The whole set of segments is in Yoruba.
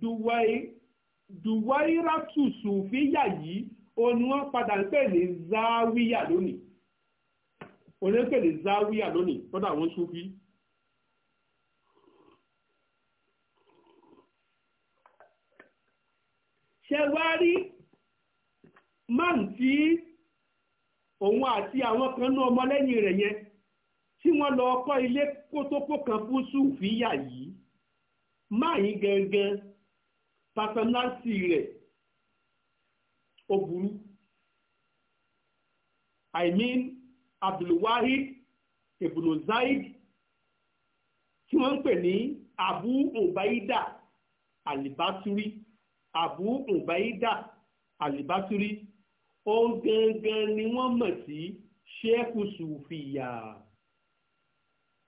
dùwáírátù sùfíyà yìí òun ni wọ́n padà ń pè ní záwíyà lónìí òun ni wọ́n pè ní záwíyà lónìí lọ́dọ̀ àwọn sùfí. ṣe wá rí máa ń tí òun àti àwọn kan ní ọmọlẹ́yìn rẹ̀ yẹn tí wọ́n lọ kọ́ ilé kótópó kan fún sùfíyà yìí máa yín gangan pásánálítì rẹ̀ ó burú i mean abdulwahid ibùdó zaid tí wọ́n ń pè ní abu ubaida alibaturi abu ubaida alibaturi òun gangan ni wọ́n mọ̀ sí ṣéèkù sùfìyà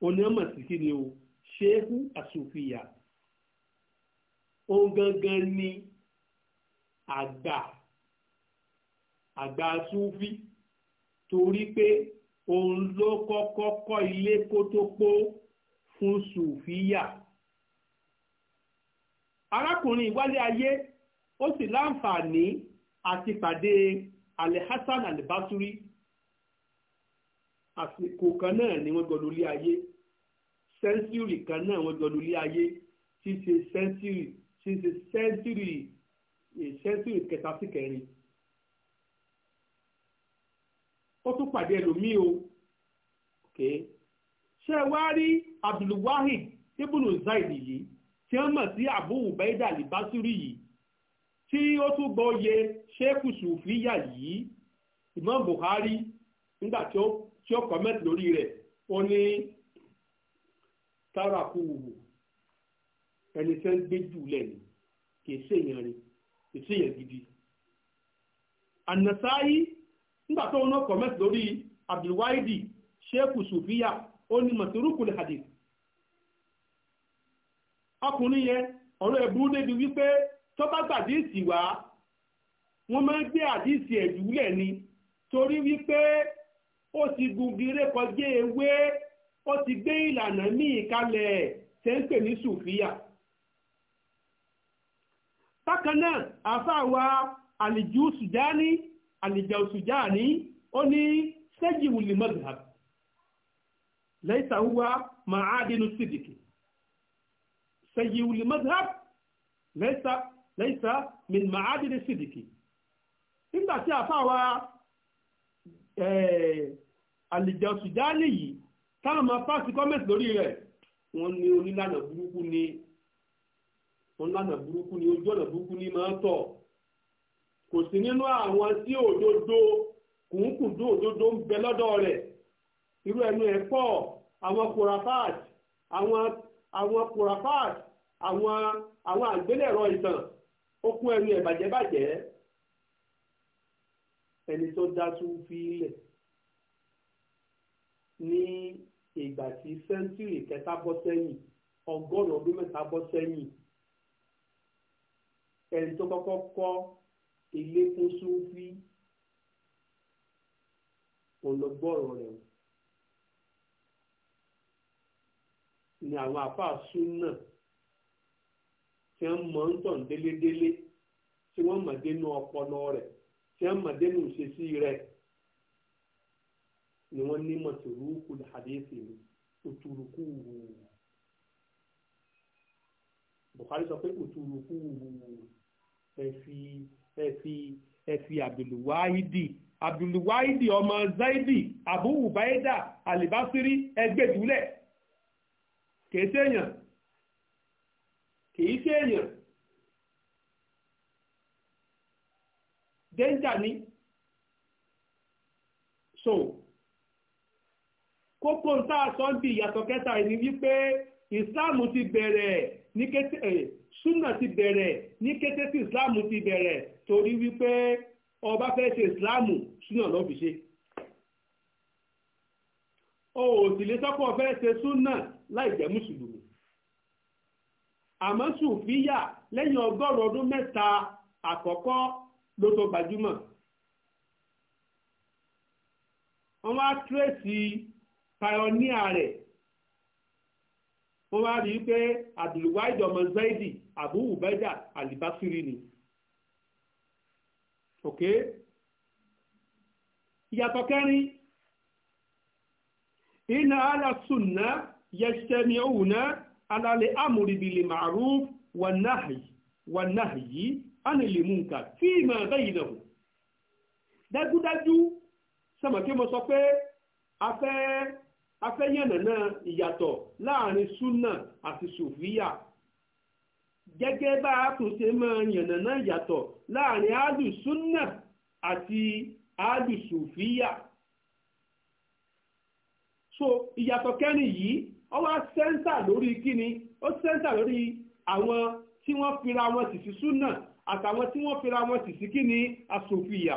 onímọ̀ sí kí ni o ṣéèkù àsùfìyà òun gangan ni àgbà àgbà súnfí torí pé òun ló kọ́kọ́ kọ́ ilé kó tó pó fún sùfíyà arákùnrin ìwálé ayé ó sì láǹfààní àti pàdé alhassan albasuri àsìkò kan náà ni wọ́n gbọ́dọ̀ lé ayé sẹ́ńsírì kan náà wọ́n gbọ́dọ̀ lé ayé ṣíṣe sẹ́ńsírì sí ti sẹ́ńtúrì sẹ́ńtúrì kẹta sí kẹrin ó tún pàdé ẹlòmíì o ok ṣé ẹ wá rí abdulwahid ibùnú zaid yìí tí wọ́n mọ̀ sí abu ubaida libasuri yìí tí ó tún gbọ́ yẹ sheikh sufiya yìí imam buhari nígbà tí ó kọ́mẹ́tì lórí rẹ ó ní tàràkù wù ẹni fẹ́ ń gbé jù lẹ́nu kì í ṣèyàn rí kì í ṣèyàn gidi. ànàsáyí nígbà tó ń kọ̀ mẹ́sì lórí abdulwaidi sheikh sufiya ó ní mọ̀tòrúkùlẹ̀ hadith. ọkùnrin yẹn ọ̀rọ̀ ẹ̀bú débi wípé tó bá gbàdíìsì wá wọ́n máa ń gbé àdíìsì ẹ̀jú lẹ̀ ni torí wípé ó ti gungire kọjá ewé ó ti gbé ìlànà míì kalẹ̀ tẹ́ ń pè ní sùfíà bákan náà àfáàwà àlìjú sùjáni àlìjà sùjáni ó ní sẹ́jì wùlì mọ́gàb lẹ́sàwùwà màádínú sídìkì sẹ́jì wùlì mọ́gàb lẹ́sà min màádínú sídìkì nígbà tí àfáàwà eh, àlìjà sùjáni yìí táwọn máa fásitì kọ́mẹ̀tì lórí rẹ̀ wọ́n ní onílànà burúkú ni òun lánà burúkú ni ojú ọ̀nà burúkú ni máa ń tọ̀ kò sí nínú àwọn tí òdodo kùnkùndú òdodo ń bẹ lọ́dọ̀ rẹ̀ irú ẹnu ẹ̀ pọ̀ àwọn kòràfáàt àwọn àwọn kòràfáàt àwọn àwọn àgbélẹ̀rọ ìtàn ó kún ẹnu ẹ̀ bàjẹ́bàjẹ́ ẹni tó dá Súfí lẹ̀ ní ìgbà tí sẹ́ńtúrì kẹta bọ́ sẹ́yìn ọgọ́rùn-ún ọdún mẹ́ta bọ́ sẹ́yìn ẹni tó kọ́kọ́ kọ́ ilé fún súnfí òun lọ gbọ́rọ̀ rẹ̀ o ni àwọn àfáà súnà tí wọ́n mọ̀ ń tàn délédélé tí wọ́n mọ̀ dénú ọpọlọ rẹ̀ tí wọ́n mọ̀ dénú ìṣesí rẹ̀ ni wọ́n ní mọ̀tòrúkú hadisi ni òtúrùkú wù. Bukhari sọ pé òtúrùkú wù ẹ fi ẹ fi ẹ fi abdulwahidi abdulwahidi ọmọ zaidi abu ubaida alibasiri ẹgbẹ́dúlẹ̀ kìí ṣèyàn kìí ṣèyàn dẹ́njà ni so kókó ń tá a sọ ń bí ìyàtọ̀ kẹta ẹni wípé ìsìláàmù ti bẹ̀rẹ̀ ní kété eh, súnà ti bẹ̀rẹ̀ ní kété tí ìsìláàmù ti bẹ̀rẹ̀ torí wípé ọba fẹ́ ṣe ìsìláàmù súnà ló fi ṣe o ò sì lè sọ́kọ̀ fẹ́ ṣe súnà láì jẹ́ mùsùlùmí àmọ́ sùfíyà lẹ́yìn ọgọ́rùn ọdún mẹ́ta àkọ́kọ́ ló tó gbajúmọ̀ wọ́n wá tírèsì pioneer rẹ̀ wọ́n wá rí i pé abdulwahid ọmọ zaidi abu ubaida alibasiri ni ok ìyàtọ̀ kẹrin iná alasunna yẹsẹmi òwúná alalẹ amúribìlì màrúf wànáhìí anìlèmúnkà fíìmà bẹ́yìn náà dájúdájú sọmọkí mo sọ pé a fẹ́ afẹ́yẹ̀nàná ìyàtọ̀ láàrin súnà àti sòfíà gẹ́gẹ́ bá a tún ṣe máa yànnàná ìyàtọ̀ láàrin áàlù súnà àti áàlù sòfíà so ìyàtọ̀ kẹrin yìí ó wá sẹ́ńtà lórí kíni ó sẹ́ńtà lórí àwọn tí wọ́n fira wọn sì sí súnà àtàwọn tí wọ́n fira wọn sì sí kíni asòfíà.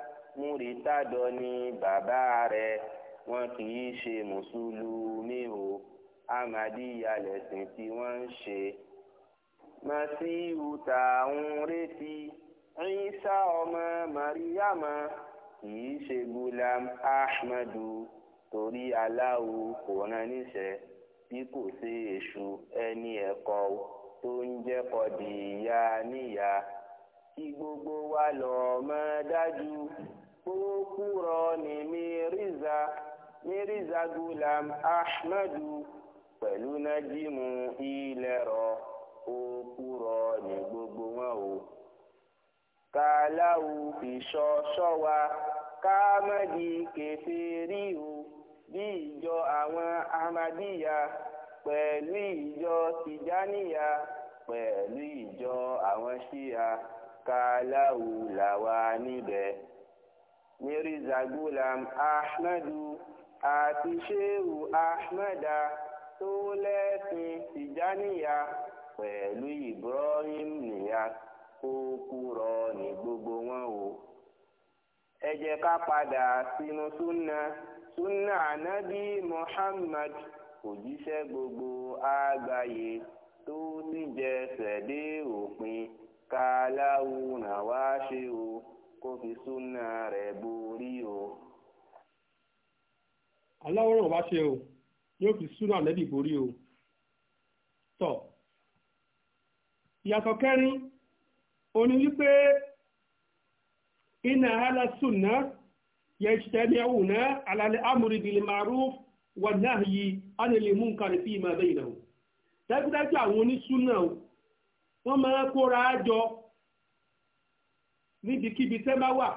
múrítàdọ ni bàbá rẹ wọn kì í ṣe mùsùlùmí o amadiya lẹ̀sìn tí wọ́n ń ṣe. masihu tá ń retí Ìsá ọmọ mariama kì í ṣe gulam ahmadu torí Allahu kò rán níṣẹ́ bí kò sí èṣù ẹni ẹ̀kọ́ tó ń jẹ́ kọ́dìyà níyà kí gbogbo wa lọ́ọ́ mọ̀ dájú kókúrọ ní mírízà mírízà gulam ahmadu pẹ̀lú nájímù ilẹ̀rọ kókúrọ ní gbogbo wọn o kàláwù ìṣọṣọ wa káàmádì kẹfẹ́rí o bí ìjọ àwọn ahmadíyà pẹ̀lú ìjọ tìjáníyà pẹ̀lú ìjọ àwọn Shia, kàláwù làwa níbẹ̀ mirza gulam ahmadu àti sheu ahmada tó lẹ́sìn tìjáníyà pẹ̀lú ibrahim nìyà kó kúrọ ní gbogbo wọn o ẹ jẹ́ ká padà sínú súnà súnà ànábì muhammad òjíṣẹ́ gbogbo àgbáyé tó ti jẹsẹ̀ dé òpin ká láwùn àwa ṣe o kó fi súnà rẹ̀ borí o. aláwòrán ọba ṣe o yóò fi súnà nẹ́bì borí o. tọ́ ìyàtọ̀ kẹrin òní wípé iná alásùnà yajtami'una ala al-amri bil ma'ruf wa nahyi anil munkar fi ma baynahum dájúdájú àwọn onísúnà wọ́n máa kóra jọ níbikíbi tẹ́ bá wà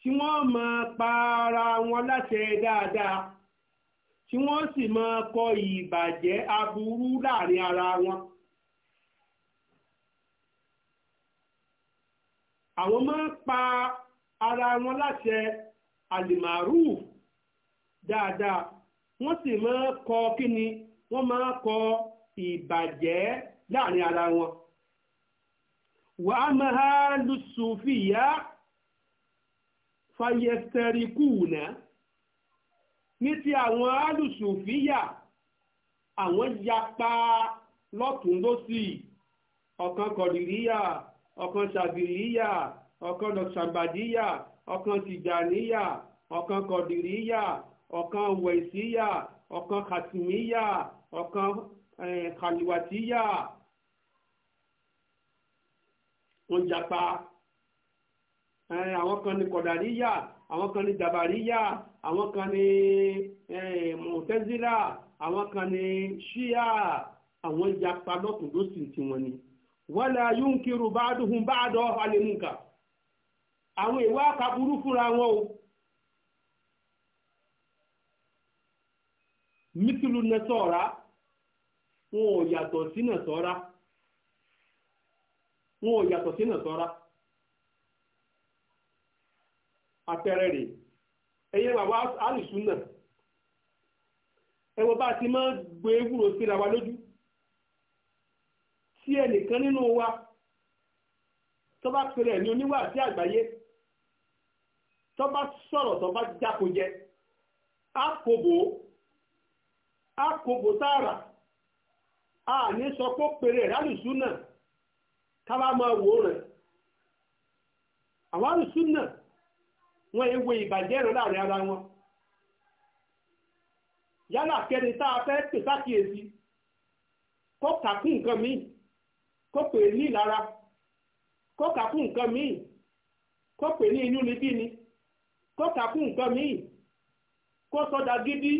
tí wọ́n máa pa ara wọn láṣẹ dáadáa tí wọ́n sì máa kọ ìbàjẹ́ aburú láàrin ara wọn. àwọn máa pa ara wọn láṣẹ àlìmàrú dáadáa wọ́n sì máa kọ kíni wọ́n máa kọ ìbàjẹ́ láàrin ara wọn. وأما الصوفية فيسترقون ní ti àwọn àwọn yapa lọ́tún lọ́sì ọ̀kan kọ̀dìríyà ọ̀kan ṣàbìríyà ọ̀kan lọ́sàbàdíyà tìjàníyà ọ̀kan kọ̀dìríyà ọ̀kan wẹ̀síyà ọ̀kan kàtìmíyà ọ̀kan kàlìwàtíyà. Eh, wọ́n japa àwọn kan ní kọ̀dàríyà àwọn kan ní dàbàríyà àwọn kan ní mọ̀tẹ́zílà àwọn kan ní ṣíà àwọn japa lọ́tùndósì tiwọn ni wala yunkiru ba'duhum ba'da àlèmùkà àwọn ìwà àkàbúrú fúnra wọn o. mítìlú nẹ́sọ̀ọ́ra wọn ò yàtọ̀ sí nẹ́sọ̀ọ́ra. wọn ò yàtọ̀ sínú sọ́ra àpẹẹrẹ rèé ẹ̀yẹ bàbá alìsú náà ẹwọ bá ti máa gbé ewúro síra wa lójú tí ẹnìkan nínú wa tó bá pèrè ẹ̀mí oníwà sí àgbáyé tó bá sọ̀rọ̀ tó bá jáko jẹ àkóbò àkóbò tààrà a ní sọ pé pèrè rálùsùn náà kábà ma wò ó rẹ̀ àwọn àrùsùn náà wọ́n láàrin ara wọn yálà kẹni tá a fẹ́ pè sákìyèsí kó kàkún nǹkan míì kó pè ní ìlara kó kàkún nǹkan míì kó pè ní inú ni bíni kó kàkún nǹkan míì kó sọdá gidi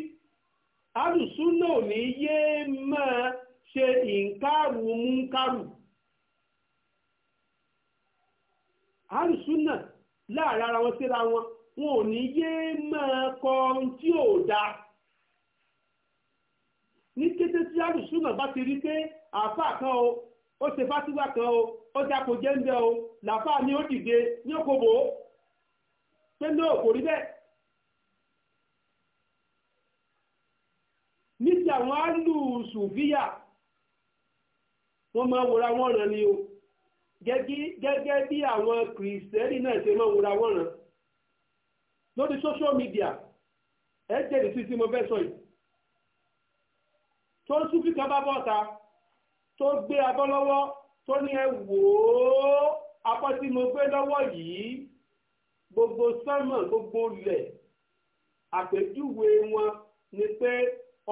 àrùsùn náà ní yéé máa ṣe ìǹkàrù mú àrùsúnà láàrin ara wọn síra wọn wọn ò ní yé máa kọ ohun tí ò dáa ní kété tí àrùsúnà bá ti rí pé àáfàá kan o ó ṣe fásitì kan o ó dáko jẹ́ ń bẹ́ o làáfàá ni ó dìde ní òkòbò pé ní òkò rí bẹ́ẹ̀. ní ti àwọn alùsùn fíyà wọ́n máa wòra wọn ràn ni o gẹ́gẹ́ bí àwọn kìrìsìtẹ́nì náà ṣe máa wúra wọ́n ràn lórí social media ẹ jẹ́rìí sí tí mo fẹ́ sọ yìí tó ń súnfì kan bá bọ́ta tó gbé abọ́ lọ́wọ́ tó ní ẹ wò ó abọ́ tí mo gbé lọ́wọ́ yìí gbogbo sánmọ̀ gbogbo lẹ̀ àpèjúwe wọn ni pé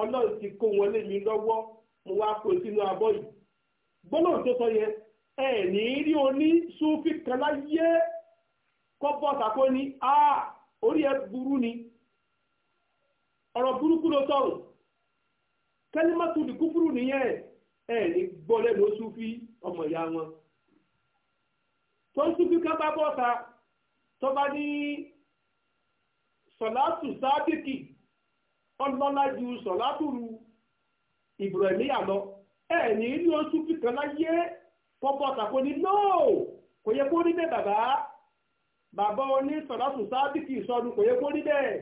ọlọ́run ti kó wọn lé mi lọ́wọ́ mo wá kó e sínú abọ́ yìí gbólóhùn tó sọ yẹn ẹ ní rí oní súnfí kan láyé sàkó ni a orí ẹ burú ni ọ̀rọ̀ burúkú ló sọ̀rọ̀ kẹ́límọ́tò dìkúfúrú nìyẹn ẹ ní gbọ́ lẹ́nu súnfí ọmọ ìyá wọn tó ń súnfí kan bá bọ́ tó bá ní sọ̀látù sáàdìkì ọlọ́lá ju sọ̀látù Ibrahim níyà lọ rí kọpọta tako ni nóò kò kó rí bàbá bàbá oní sọ̀dọ̀tù sábìkì ìsọdù kò yẹ kó rí bẹ́ẹ̀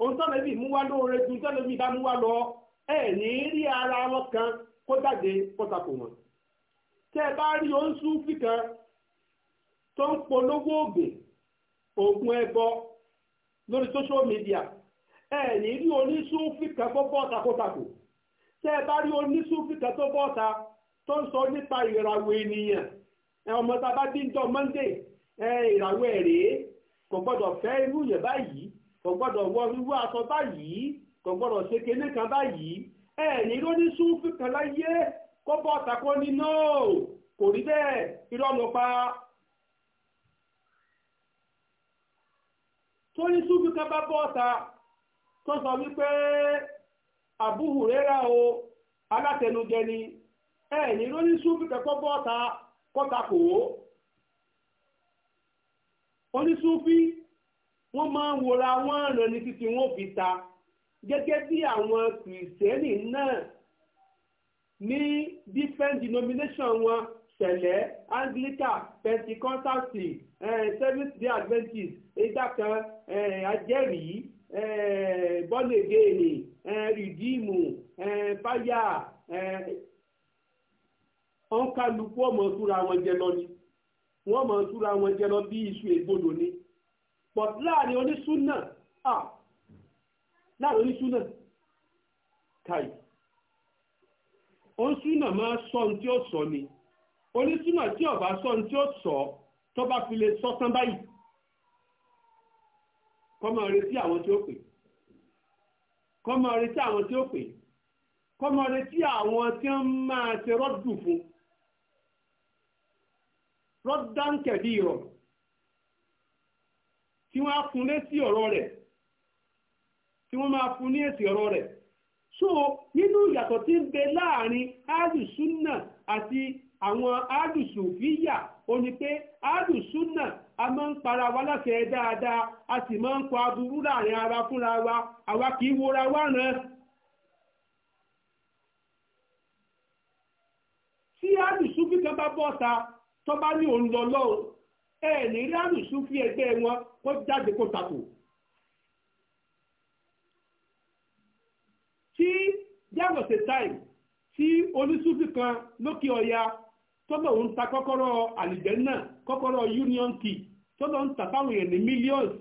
ohun tọ́lá ibi mú lóore ju tọ́lá ibi bá lọ rí ara wọn kan kó jáde tẹ́ ẹ bá rí oṣù fìkan tó ń polówó lórí social media ní rí tó ń sọ nípa ìràwọ̀ ènìyàn ọmọ tá a bá bí ń jọ Monday ìràwọ̀ ẹ̀ rèé kò gbọ́dọ̀ fẹ́ irú yẹn báyìí kò wọ irú aṣọ báyìí kò gbọ́dọ̀ ṣe kinní kan báyìí ẹ ní kó bọ́ bọ́ tó sọ wípé o ẹ ní lóní súnfì kẹ́kọ́ bọ́ta kọ́takò ó onísúnfì wọ́n máa ń wòra wọ́n ràn ní títí wọ́n fi ta gẹ́gẹ́ bí àwọn kìrìsìtẹ́nì náà ní different denomination wọn ṣẹlẹ̀ anglican pentecostal eh, seventh day adventist ìdákan eh, ajẹ́rìí bọ́lẹ̀gẹ́ẹ̀nì rìdíìmù fáyà wọ́n kálukú ọmọ túra wọn jẹ lọ ni wọ́n mọ̀ túra wọn jẹ lọ bí iṣu ègbodò ni but láàrin onísúnà ah láàrin onísúnà káì onísúnà máa sọ ohun tí ó sọ ni onísúnà tí ó bá sọ ohun tí ó sọ tó bá fi lè sọ tán báyìí kọ́mọ retí àwọn tí ó pè kọ́mọ retí àwọn tí ó pè kọ́mọ retí àwọn tí wọ́n máa ṣe rọ́dù fún rọ́dáńkẹ̀dì rọ̀ tí wọ́n á fún ọ̀rọ̀ rẹ̀ tí wọ́n máa fún ní èsì ọ̀rọ̀ rẹ̀ so nínú ìyàtọ̀ tí ń bẹ láàrin áàdùsúnà àti àwọn áàdùsùfíyà ó ní pé áàdùsúnà a máa ń para wa láṣẹ dáadáa a sì máa ń kọ aburú láàrin ara fúnra wa àwa kì í wora wá tí bá bọ́ ta tó bá ní òun lọ lọ́hùn ẹ ní rí àlùsùn fi ẹgbẹ́ wọn kó jáde kó takò. tí yàgò ṣe táì tí oníṣùfì kan lókè ọ̀ya tọ́lọ̀ ń ta kọ́kọ́rọ́ àlìjẹ́nà kọ́kọ́rọ́ union key tọ́lọ̀ ń ta fáwọn èèyàn ní millions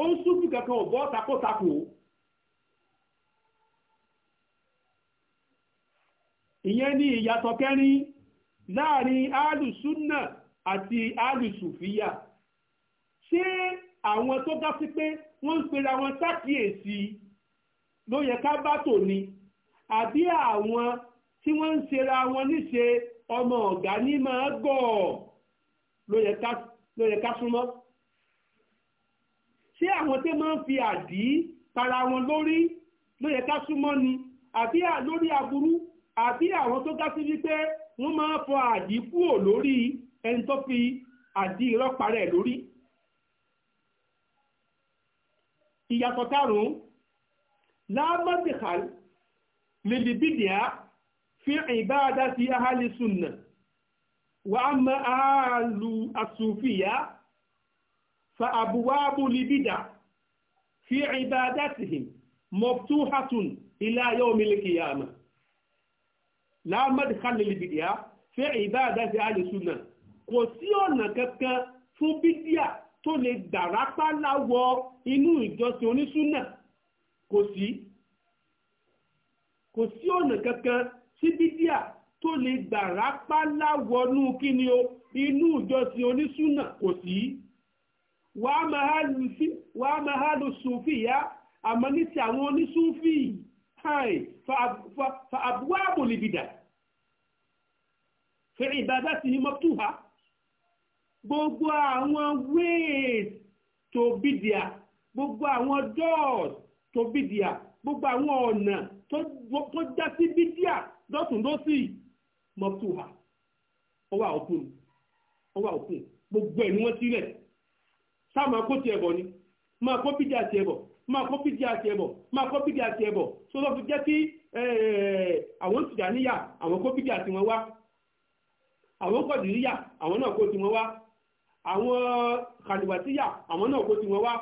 ó ń ṣùfì kankan ò bọ́ takótakò. ìyẹn ni ìyàtọ̀ kẹrin láàrin alùsúnà àti alùsùfíyà ṣé àwọn tó dá sí pé wọ́n ń pera wọn sákìyèsí ló yẹ ká bá tò ni àbí àwọn tí wọ́n ń ṣera wọn níṣe ọmọ ọ̀gá ní máa gọ̀ ló yẹ ká súnmọ́ ṣé àwọn tí máa ń fi àdí para wọn lórí ló yẹ ká súnmọ́ ni àbí lórí aburú àbí àwọn tó dá sí wípé wọ́n máa fọ àdí kúrò lórí ẹni tó fi àdí irọ́ parẹ́ lórí. ìyàtọ̀ karùn-ún lábàdìkàl lèlìbìdìá fi ìbáadá sí ahálì súnà wà á mọ ahálù àsùfìyà fa àbúwábù libìdà fi ìbáadá sí mọ̀túhàtùn ilá yawmil qiyamah láàmàdì kálílì bìdíà fẹ́ ìbáàdá sí àlùsùnà kò sí ọ̀nà kankan fún bídíà tó lè dàrápá láwọ inú ìjọsìn onísùnà kò sí kò sí ọ̀nà kankan sí bídíà tó lè dàrápá láwọnú kíni o inú ìjọsìn onísùnà kò sí wàá máa lù sùn fìyà àmọ́ ní ti àwọn onísùn fìyà. هاي فأبواب البدع في عبادته مفتوحة gbogbo àwọn ways tó bídìá gbogbo àwọn doors tó bídìá gbogbo àwọn ọ̀nà bidia, já sí bídìá lọ́tún lọ́sì mọ́tòhà ọwà òkun ọwà òkun gbogbo ẹ̀ ni wọ́n sílẹ̀ sáà máa kó tiẹ̀ bọ̀ ni máa kó bídìá tiẹ̀ bọ̀ máa kọ́ bídí àti ẹbọ máa kọ́ bídí àti ẹbọ tó lọ́ fi jẹ́ kí eh, àwọn tìjàníyà àwọn kó bídí àti wọn wa àwọn kọ̀dìríyà àwọn náà kó ti wọn wa àwọn kàlùwàtíyà àwọn náà kó ti wọn wa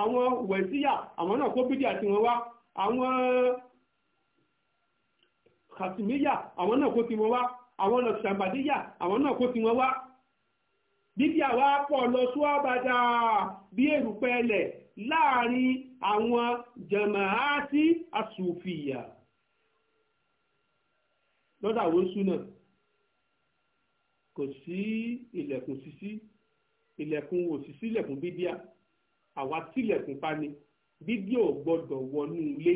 àwọn wẹ̀síyà àwọn náà kó bídí ati wọn wa àwọn kàtìmíyà àwọn náà kó ti wọn wá àwọn lọ̀ṣàmbàdíyà àwọn náà kó ti wọn wa. bíbí àwa pọ̀ lọ sóábàdà bí èrùpẹ̀ ẹlẹ̀ láàrin àwọn jàmáàtì àsùfìyà lọ́dà àwọn súnà kò sí ilẹ̀kùn sísí ilẹ̀kùn òsìsí ilẹ̀kùn bíbíà àwa tilẹ̀kùn pani bídíò gbọ́dọ̀ wọnú ilé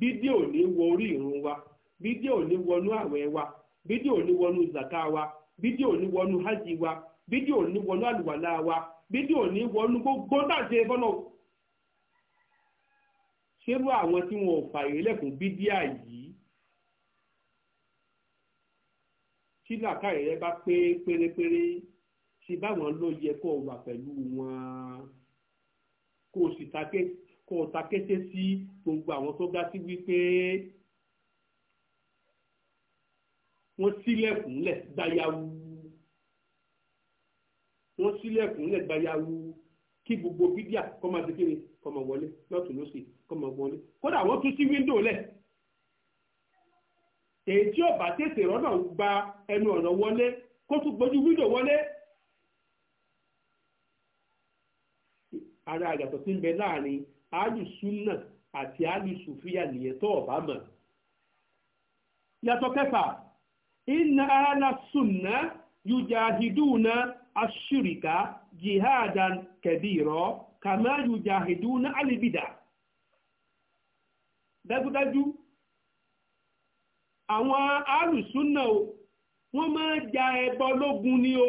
bídíò ní wọ orí ìrun wa bídíò ní wọnú àwẹ̀ wa bídíò ní wọnú zàká wa bídíò ní wọnú hajj wa bídíò ní wọnú àlùwàlá wa bídíò ní wọnú gbogbo dáṣe fọ́nà ṣerú àwọn tí wọn ò fààyè lẹ́kùn bídíà yìí tí làkàrẹ rẹ bá pé pérépéré ṣe báwọn ló yẹ kó o wà pẹ̀lú wọn kó o sì ta kété sí gbogbo àwọn tó dá sí wípé wọ́n sílẹ̀kùn lẹ̀ dáyàwó. wọ́n sílẹ̀kùn lẹ́gbàáyàwó kí gbogbo bídíà kọ́ máa ṣe kéde kọ́ máa wọlé lọ́tún lọ́sì kọ́ máa wọlé kódà wọ́n tún sí wíńdò lẹ̀ èyí tí ọba tètè rọ́nà gba ẹnu ọ̀nà wọlé kó tún gbójú wíńdò wọlé ara àgàtọ̀ tí ń bẹ láàrin alùsùnà àti nìyẹn tó ọba mọ̀ yàtọ̀ kẹfà ashirika jihadan kabira kama yujahiduna alibida dájúdájú àwọn alùsúnà o wọ́n máa ja ẹbọ lógun ni o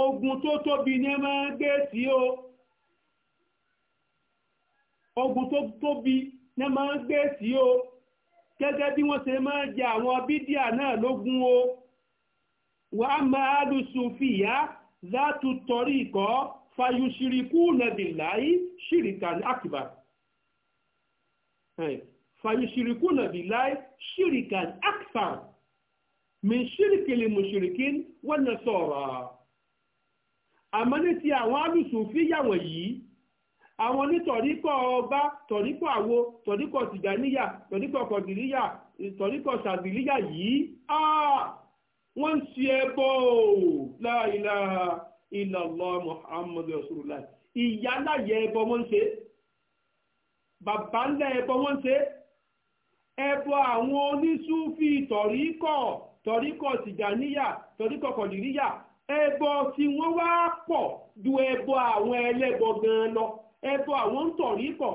ogun tó tóbi ni ẹ máa gbé sí o ogun tó tóbi ni ẹ máa gbé sí o gẹ́gẹ́ bí wọ́n ṣe máa ja àwọn bídíà náà lógun o wàá máa alùsùn fìyà látú tọrí ìkọ́ fayusiriku nàbìláì ṣìrìkà àkìbà fayusiriku nàbìláì ṣìrìkà àkìbà mi ṣìrìkìlì mùṣìrìkì wọ́n na sọ̀rọ̀ àmọ́ ní ti àwọn alùsùnfí yàwọ̀n yìí àwọn ní tọ̀ríkọ̀ ọba tọ̀ríkọ̀ àwo tọ̀ríkọ̀ tìjàníyà tọ̀ríkọ̀ kọ̀dìríyà tọ̀ríkọ̀ sàbìlíyà yìí áà. Ah! wọ́n ń si ẹbọ la ilaha illallah muhammadu rasulullah ìyá láyé ẹbọ wọn ṣe bàbá ńlá ẹbọ wọ́n ṣe ẹbọ àwọn onísúfì tọ̀ríkọ̀ tọ̀ríkọ̀ tìjàníyà tọ̀ríkọ̀ kọ̀dìríyà ẹbọ tí wọ́n wá pọ̀ ju ẹbọ àwọn ẹlẹ́bọ gan lọ ẹbọ àwọn ń tọ̀ríkọ̀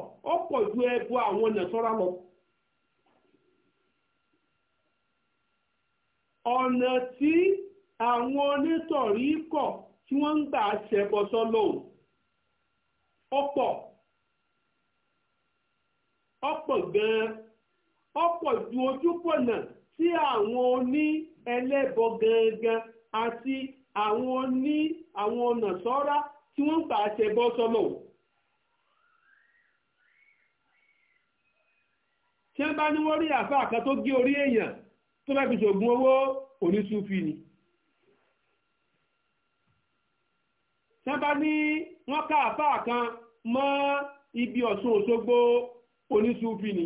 ó ju ẹbọ ọ̀nà tí àwọn onítọ̀rí kọ̀ tí wọ́n ń gbà ṣẹbọ sọ́lọ́hun ọ̀pọ̀ ọ̀pọ̀ gan-an ọ̀pọ̀ ju ojúpọ̀nà tí àwọn oní ẹlẹ́bọ gangan àti àwọn oní àwọn ọ̀nà sọ́ra tí wọ́n ń gbà ṣẹbọ sọ́lọ́hun. tí wọ́n bá ní wọ́n rí àfáà kan gé orí èèyàn tó bá fi ṣògùn owó oníṣúfì ni tán bá ní wọ́n ká àfáà kan mọ́ ibi Ọ̀ṣun Òṣogbo oníṣúfì ni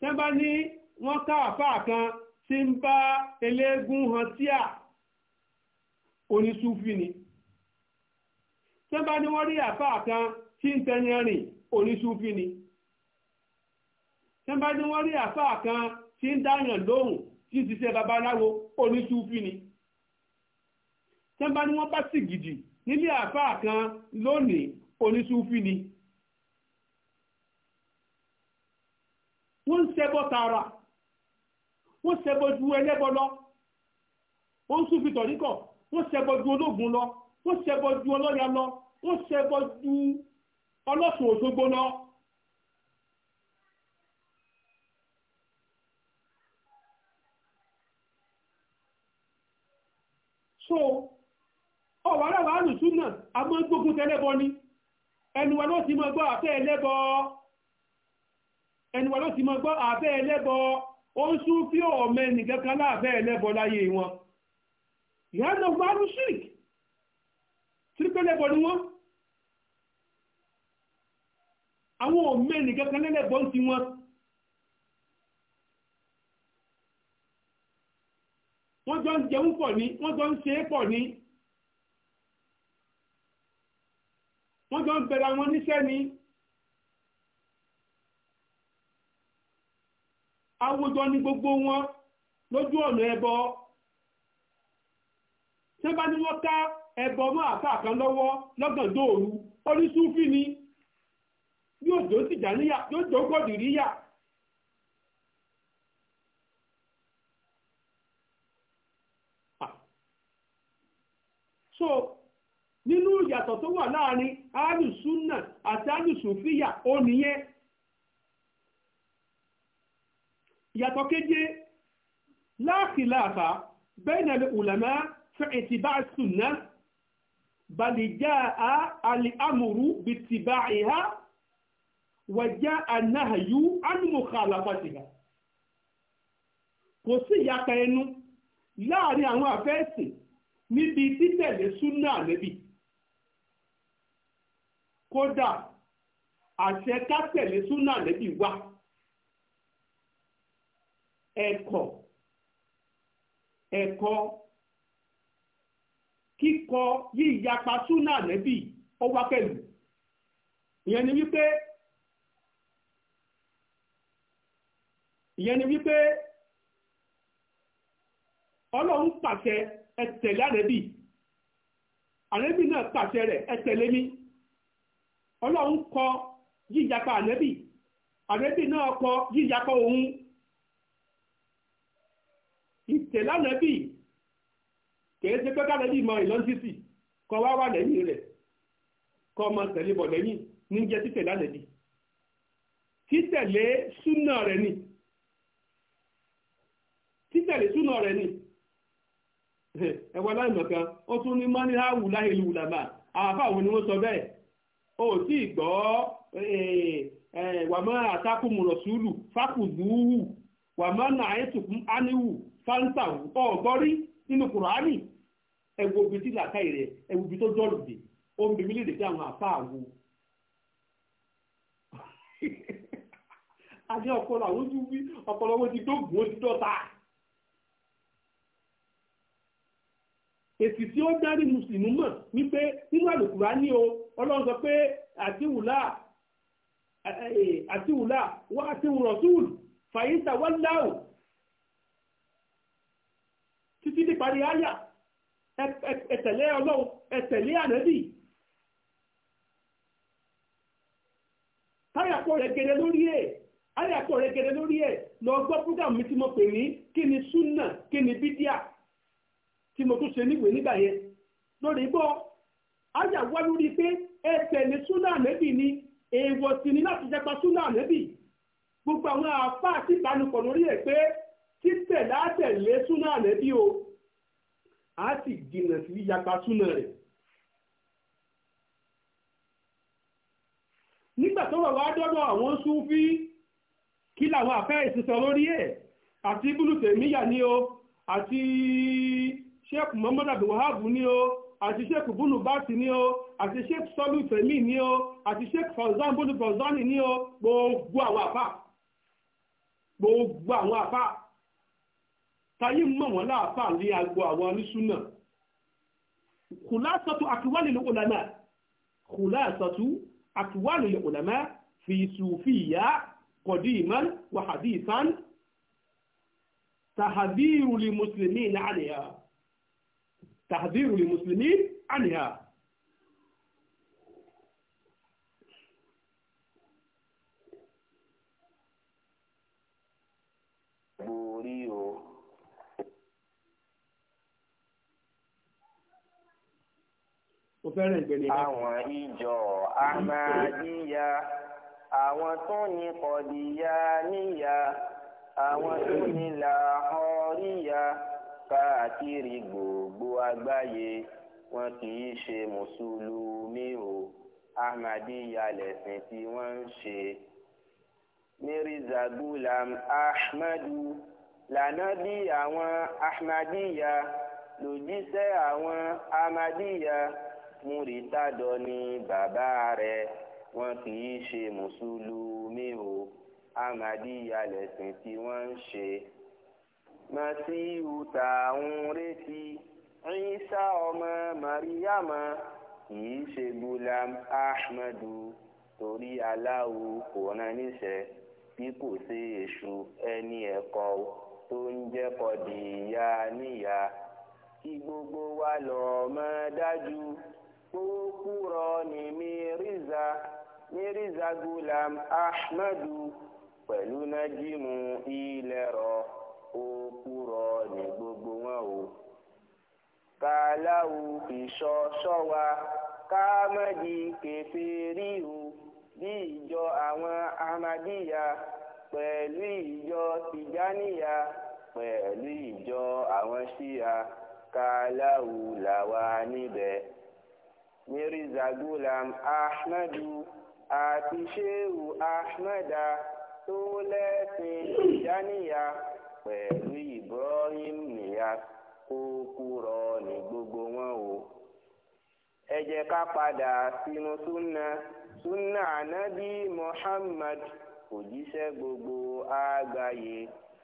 tán bá ní wọ́n ká àfáà kan tí ń bá eléégún hàn tíà oníṣúfì ni tán ní wọ́n rí àfáà kan tí ń tẹyẹrìn oníṣúfì ni tí bá ní wọ́n rí àfáà kan tí ń dáyàn lóhùn tí ń ṣiṣẹ́ babaláwo oníṣúfì ni tí bá ní wọ́n bá sì gidi nílé àfáà kan lónìí oníṣúfì ni wọ́n ń ṣẹbọ tààrà wọ́n ṣẹbọ ju ẹlẹ́bọ lọ wọ́n ń súnfì tọ̀ríkọ̀ wọ́n ṣẹbọ ju ológun lọ wọ́n ṣẹbọ ju ọlọ́yà lọ wọ́n ṣẹbọ ju ọlọ́sùn òṣogbo lọ. so ọ̀wọ́ aláwọ̀ alùsùn náà a máa gbógun tẹ́lẹ́bọ ni ló ti máa gbọ́ àfẹ́ ẹlẹ́bọ ẹnu ló ti máa gbọ́ àfẹ́ ẹlẹ́bọ ó ń sún fí wọn ìyáàdọ̀ ni wọ́n àwọn lẹ́lẹ́bọ ti wọn wọ́n jọ ń jẹun pọ̀ ní wọ́n jọ ń ṣe é pọ̀ ní wọ́n jọ ń bẹ̀rẹ̀ àwọn oníṣẹ́ ní ní gbogbo wọn lójú ọ̀nà ẹbọ tí wọ́n bá ní wọ́n ká ẹbọ mọ́ àtàkàn lọ́wọ́ lọ́gàndóòru oríṣúfì ni yóò níyà yóò so nínú ìyàtọ̀ tó wà láàrin alùsùnà àti alùsùnfíyà ó nìyẹn ìyàtọ̀ keje láàkìláàfà bẹ́ẹ̀nà ulama fi ìtìbá sùnà bàlìjá alìamùrú bìtìbá ìhá wàjá ànáhàyú ánìmọ̀kà àlàfàtìhà kò sí ìyàtọ̀ ẹnu láàrin àwọn àfẹ́sìn níbi títẹ̀lé súnà ànẹ́bì kódà àṣẹ kátẹ̀lé súnà ànẹ́bì wà ẹ̀kọ́ ẹ̀kọ́ kíkọ yíyapa súnà ànẹ́bì ó wá pẹ̀lú ìyẹn ni wípé ìyẹn ni wípé ọlọ́run pàṣẹ ẹ tẹ̀lé àrẹ́bì náà pàṣẹ rẹ̀ ẹ mi ọlọ́run kọ yíyapa àrẹ́bì àrẹ́bì náà kọ yíyapa òun ìtẹ̀lé àrẹ́bì kìí ṣe pé kárẹ́bì mọ ìlọ́sísì kọ wá wà lẹ́yìn rẹ̀ kọ ọmọ tẹ̀lé bọ̀ lẹ́yìn ní jẹ́ títẹ̀lé àrẹ́bì títẹ̀lé súnà rẹ̀ ni títẹ̀lé súnà rẹ̀ ni. ẹwà láìmọ̀kan ó tún ní mọ́níhà wùláhìl wùlàmà àbá òun ni wọ́n sọ bẹ́ẹ̀ ó sì gbọ́ wàmọ́ àtàkùnmùrọ̀ wàmọ́ áníwù ọ̀gọ́rí nínú tí obi tó jọ̀lù dé ó ń sí àwọn àfa àwo àti ọpọlọ àwọn ojú wí ọpọlọ èsì tí ó dárí mùsùlùmí mọ̀ wípé nínú àlùkùrá ní o ọlọ́run sọ pé àtiwùlá àtiwùlá wá àtiwùrọ̀ túùlù fàyíṣà wọ́n dáhùn títí di parí àyà ẹ tẹ̀lé ọlọ́run ẹ tẹ̀lé ànábì táyàpọ̀ rẹ̀ gẹ̀rẹ̀ lórí ẹ̀ àyàpọ̀ rẹ̀ gẹ̀rẹ̀ lórí ẹ̀ lọ gbọ́ púgàmù mi tí mo pè ní kí ni súnà kí ni bídíà tí mo tún ṣe níwèé nígbà yẹn lórí gbọ́ ájà wá lórí pé ẹ tẹ̀lé súnà ànẹ́bì ni èèwọ̀ sì ni láti jẹpa súnà ànẹ́bì gbogbo àwọn àáfàá sì bánukọ̀ lórí ẹ̀ pé títẹ̀ látẹ̀lé súnà ànẹ́bì o a sì dìnà sí yapa súnà rẹ̀. nígbà tó wà wá dọ́dọ̀ àwọn súnfí kí làwọn àfẹ́ ìsinsọ lórí ẹ̀ àti búlùtẹ̀míyà ni o àti sheikh muhammad abdulwahab ni o àti sheikh bulu bati ni o àti sheikh sọlú fẹmi ni o àti sheikh fauzan bulu fauzani ni o gbogbo àwọn àfa gbogbo àwọn àfa táyé mọ̀ wọ́n láàfà ní agbo àwọn oníṣúná kùlásọ̀tù àtiwálì ní ulama kùlásọ̀tù àtiwálì ní ulama fi sùfìyà qadiman wa hadithan tahadhiru lil muslimina 'alayha تحذير للمسلمين عنها. àníhà borí o mo fẹ́ràn àwọn tó ní kọ̀díyà níyà àwọn tó ní làhọ́ríyà káàkiri gbogbo àgbáyé wọn kì í ṣe mùsùlùmí o ahmadiyya tí wọ́n ń ṣe. mirza gulam ahmadu lànábì àwọn ahmadiyya lòjíṣẹ́ àwọn ahmadiyya múritádọ́ ni bàbá rẹ̀ wọn kì í ṣe mùsùlùmí o ahmadiyya tí wọ́n ń ṣe màsíhù tá à ń retí Ìsá ọmọ Màríyàmá kìí ṣe gulam ahmadu torí aláwo kò rán níṣẹ́ bí kò ṣe èṣù ẹni ẹ̀kọ́ tó ń jẹ́kọ̀ di ìyá níyà kí gbogbo wa lọ mọ̀ dájú pé kúrọ ní Mírízà Mírízà gulam ahmadu pẹ̀lú nájímù ilẹ̀ rọ̀ òpùrọ́ ní gbogbo wọn o kàláwù ìṣọ ṣọwa káàmọdì kẹfẹẹríhù bí ìjọ àwọn ahmadíyà pẹ̀lú ìjọ tìjáníyà pẹ̀lú ìjọ àwọn ṣíya kàláwù làwa níbẹ̀. mirizagulam gulam ahmadu àti sheu ahmada tó lẹ́sìn tìjáníyà. pẹ̀lú Ibrahim nìyà kó kúrọ ní gbogbo wọn o ẹ jẹ́ ká padà sínú súnà súnà ànábì Muhammad òjíṣẹ́ gbogbo àgbáyé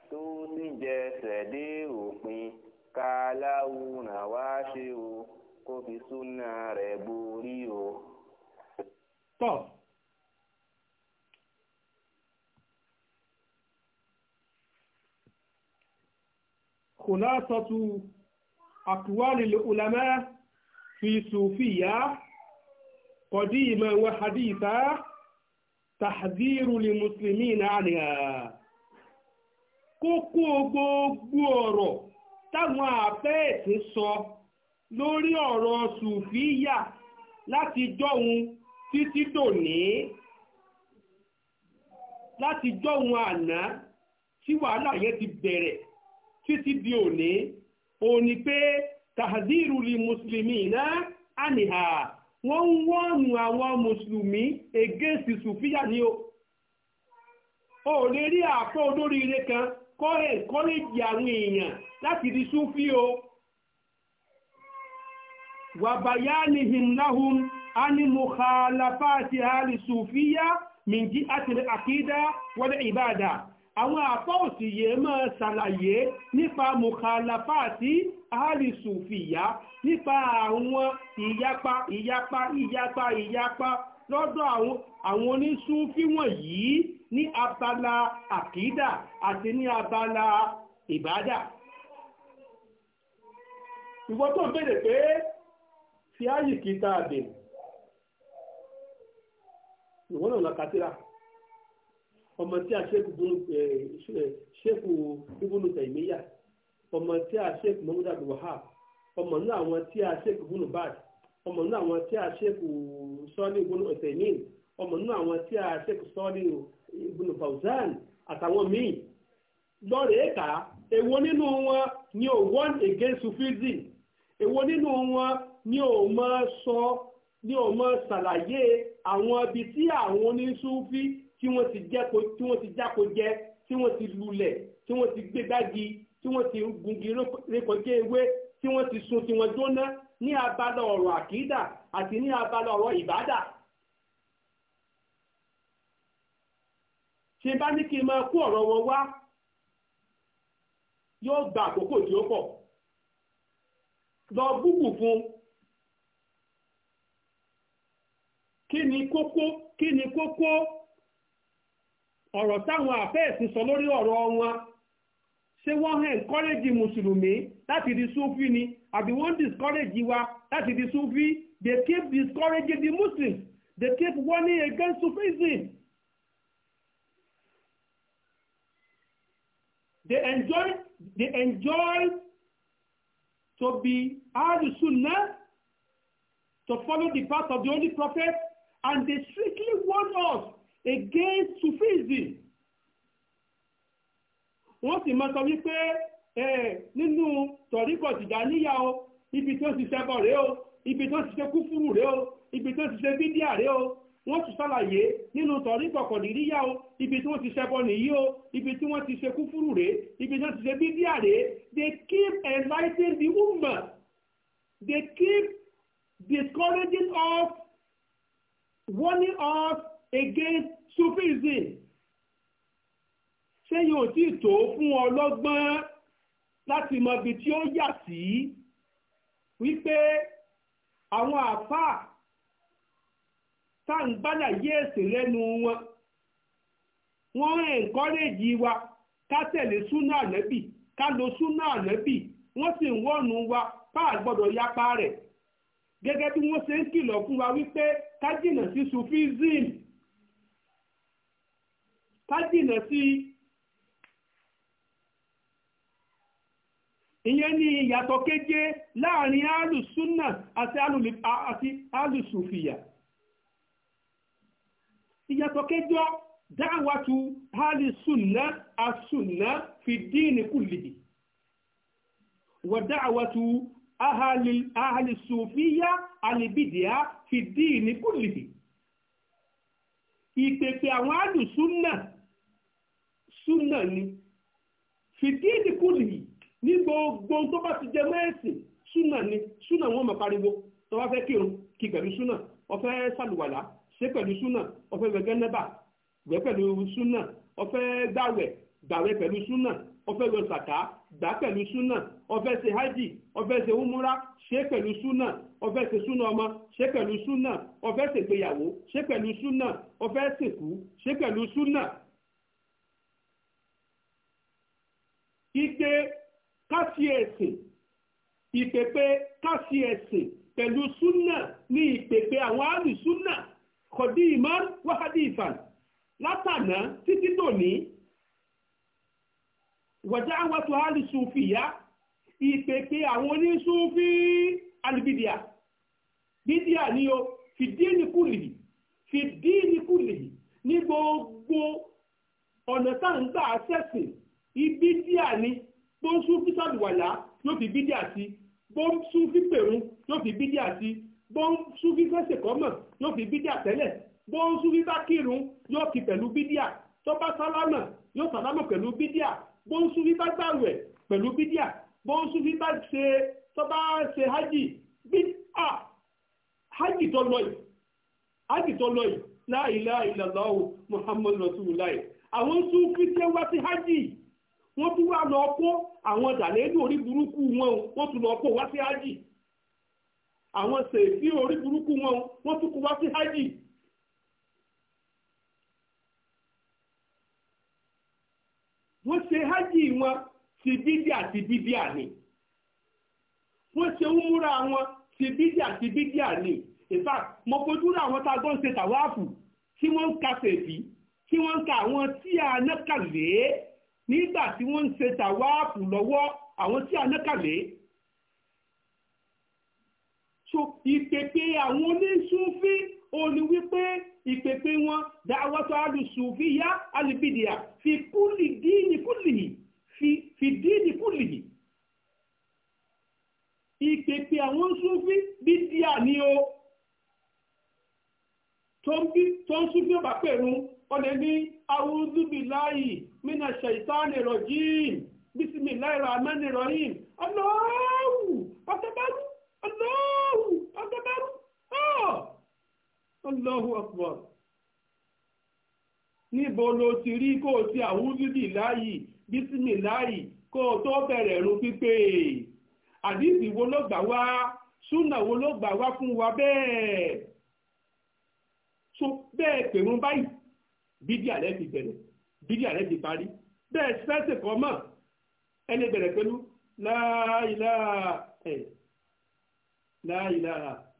tó sì jẹsẹ̀ dé òpin ká láwùrán wá ṣe o kó fi súnà rẹ̀ borí o. خلاصة أقوال العلماء في صوفية قديما وحديثا تحذير للمسلمين عنها kókó gbogbo ọ̀rọ̀ táwọn àfẹ́ẹ̀sì sọ lórí ọ̀rọ̀ sùfíyà láti jọ́hun títí dòní láti jọ́hun àná tí wàhálà yẹn ti bẹ̀rẹ̀ títí di òní òní pé tahadiru li muslimina àníhà wọ́n ń wọ́ọ̀nù àwọn mùsùlùmí egéèsì sùfíà ni o ò lè rí àpò olóríire kan kọ́ ẹ̀kọ́lẹ́jì àwọn èèyàn láti di sùfí o wàbàyánihìn láhùn ánimùkàlàfáàtì àlìsùfíà mìjí àtìlẹ̀ àkídá wọlé ìbáàdà àwọn àpọ́ọ̀sì yìí máa ṣàlàyé nípa mùkàlàfà àti àlìsùfìyà nípa àwọn ìyapa ìyapa ìyapa ìyapa lọ́dọ̀ àwọn onísúfí wọ̀nyí ní abala àkídà àti ní abala ìbádà ìwọ tó ń bèèrè pé fi áyì kìí tààdè ìwọ náà lọ kàtírà ọmọ tí a ṣẹ́kù ibùnú tẹ̀míyà ọmọ tí a ṣẹ́kù mọ́múdà buhá ọmọ náà àwọn tí a ṣẹ́kù ibùnú bad ọmọ náà àwọn tí a ṣẹ́kù sọ́ọ́lì ibùnú ọ̀tẹ̀mín ọmọ náà àwọn tí a ṣẹ́kù sọ́ọ́lì ibùnú fauzan àtàwọn míì lọ́rẹ̀ ẹ̀ka èwo nínú wọn ni ò wọ́n against sufism èwo nínú wọn ni ò máa sọ ni ò máa ṣàlàyé àwọn ibi tí àwọn oníṣúfí tí wọ́n ti jẹ́ ko tí wọ́n ti jáko jẹ́ tí wọ́n ti lulẹ̀ tí wọ́n ti gbé gbági tí wọ́n ti gungi rékọjá ewé tí wọ́n ti sun tí wọ́n jóná ní abala ọ̀rọ̀ àkídà àti ní abala ọ̀rọ̀ ìbádà. ṣe bá ní kí n máa kó ọ̀rọ̀ wọn wá yóò gba àkókò tí ó pọ̀ lọ gúgù fún kí ni kókó kí ni kókó ọ̀rọ̀ táwọn àfẹ́ẹ̀sì sọ lórí ọ̀rọ̀ wọn ṣé wọ́n hàn kọ́lẹ́jì mùsùlùmí láti di súfì ni àbí wọ́n discourage wa láti di súfì they keep discouraging the muslims they keep warning against sufism they enjoy they enjoy to be al-sunna to follow the path of the holy prophet and they strictly warn us against Sufism wọ́n sì máa sọ wípé nínú tọ̀ríkọ̀ Tìjàníyà o ibi tó ti ṣẹbọ rèé o ibi tó ti ṣe kúfúrú rèé o ibi tó ti ṣe bídíà rèé o wọ́n tún ṣàlàyé nínú tọ̀ríkọ̀ Kọ̀dìríyà o ibi tí wọ́n ti ṣẹbọ nìyí o ibi tí wọ́n ti ṣe kúfúrú rèé ibi tí wọ́n ti ṣe bídíà rèé they keep enlightening the woman they keep discouraging us warning us against sufizi ṣé yóò tí tó fún ọlọ́gbọ́n láti mọ ibi tí ó yà sí wípé àwọn àfáà tá à ń gbádà yé èsì lẹ́nu wọn wọ́n ń ẹ̀ńkọ́rẹ́jì wa ká tẹ̀lé súnà ànábì ká lo súnà ànábì wọ́n sì ń wọ́nu wa bá a gbọ́dọ̀ yapa rẹ̀ gẹ́gẹ́ bí wọ́n ṣe ń kìlọ̀ fún wa wípé ká jìnnà sí sufism kájìnà sí ìyẹn ni ìyàtọ̀ kéje láàrin alùsúnà àti alùsùfìyà ìyàtọ̀ kéjọ dáwàtú alùsúnà àsùnà fi díìnì kùlìdì wà dáwàtú alùsùfìyà alìbìdìá fi díìnì kùlìdì ìpèpè àwọn alùsúnà súnà ni fìdíìdì kùlì ní gbogbo tó bá ti jẹ mẹ́ẹ̀sì ni súnà wọn mọ̀ pariwo tó bá fẹ́ kírun kí pẹ̀lú súnà ó sàlùwàlà ṣe pẹ̀lú súnà ó fẹ́ wẹ̀ pẹ̀lú súnà ó gbàwẹ̀ gbàwẹ̀ pẹ̀lú súnà ó fẹ́ gbà pẹ̀lú súnà ó ṣe hajj ó ṣe umura ṣe pẹ̀lú súnà ó ṣe súnà ọmọ ṣe pẹ̀lú súnà ó fẹ́ ṣe pẹ̀lú ṣe pẹ̀lú ìpè káfí ẹ̀sìn ìpèpè káfí ẹ̀sìn pẹ̀lú súnà ní ìpèpè àwọn àlù súnà kọ̀dí ìmọ̀ wákàtí ìfàn látànà títí tòní wọ̀já àwọn tó àlù sùnfì yá ìpèpè àwọn onísùnfì alìbìdíà bídíà ni o fìdí ní kùlìyì fìdí ní kùlìyì ní gbogbo ọ̀nà táǹgbà sẹ́sìn ibi díà ni bó ń sún físàlùwàlá yóò fi bídí àti bó ń sún fípèrún yóò fi bídí àti bó ń sún fífẹsẹ̀kọ́mọ̀ yóò fi bídí àtẹ́lẹ̀ bó ń sún fífá kírun yóò kí pẹ̀lú bídí à tó bá sálámà yóò sálámà pẹ̀lú bídí à bó ń sún fífá gbàwẹ̀ pẹ̀lú bídí à bó ń sún fífá ṣe tó bá ṣe hajj bídí à hajj tó lọ yìí hajj tó lọ yìí la ilaha muhammadu rasulullah àwọn sún fífẹ́ wá sí hajj wọ́n tún wá lọ kó àwọn dàlẹ́lú orí burúkú wọn wọ́n tún lọ kó wá sí ájì àwọn sèfí orí burúkú wọn wọ́n tún kó wá sí ájì. wọ́n ṣe ájì wọn ti bídíà ti bídíà ni wọ́n ṣe ń múra wọn ti bídíà ti bídíà ni in fact mo fojú rà àwọn tá a gbọ́n ṣe tàwáàfù tí wọ́n ń ka sèfí tí wọ́n ń ka àwọn tí a náà kà nígbà tí wọ́n ń ṣe tàwáàpù lọ́wọ́ àwọn tí a nákàlé so ìpèpè àwọn oníṣúfí ó ní wípé ìpèpè wọn dáwọ́tọ̀ alùsùfí yá alìbìdìyà fi kúlì díìnì kúlì fi díìnì kúlì ìpèpè àwọn oníṣúfí bídíà ni o tó ń bí tó ń sún bí ó bá pẹ̀rún ó lè ní awúdúbìláì mínà ṣèyítánì rọ̀jìm bísímìláì ràmánì rọ̀hìm ọlọ́wù ọ̀tẹ́bárú ọlọ́wù ọ̀tẹ́bárú ọ̀ ọlọ́wù ọ̀pọ̀ níbo ló ti rí kó o ti awúdúbìláì bísímìláì kó o tó bẹ̀rẹ̀ ru pípé àdìsí wo ló gbà wá súnà wo ló gbà wá fún wa bẹ́ẹ̀ so bẹ́ẹ̀ pèrún báyìí bídíà rẹ ti bẹ̀rẹ̀ bídíà rẹ ti parí bẹ́ẹ̀ sẹ́sẹ̀ kọ́ mọ̀ ẹni bẹ̀rẹ̀ pẹ̀lú láìlà ẹ̀ láìlà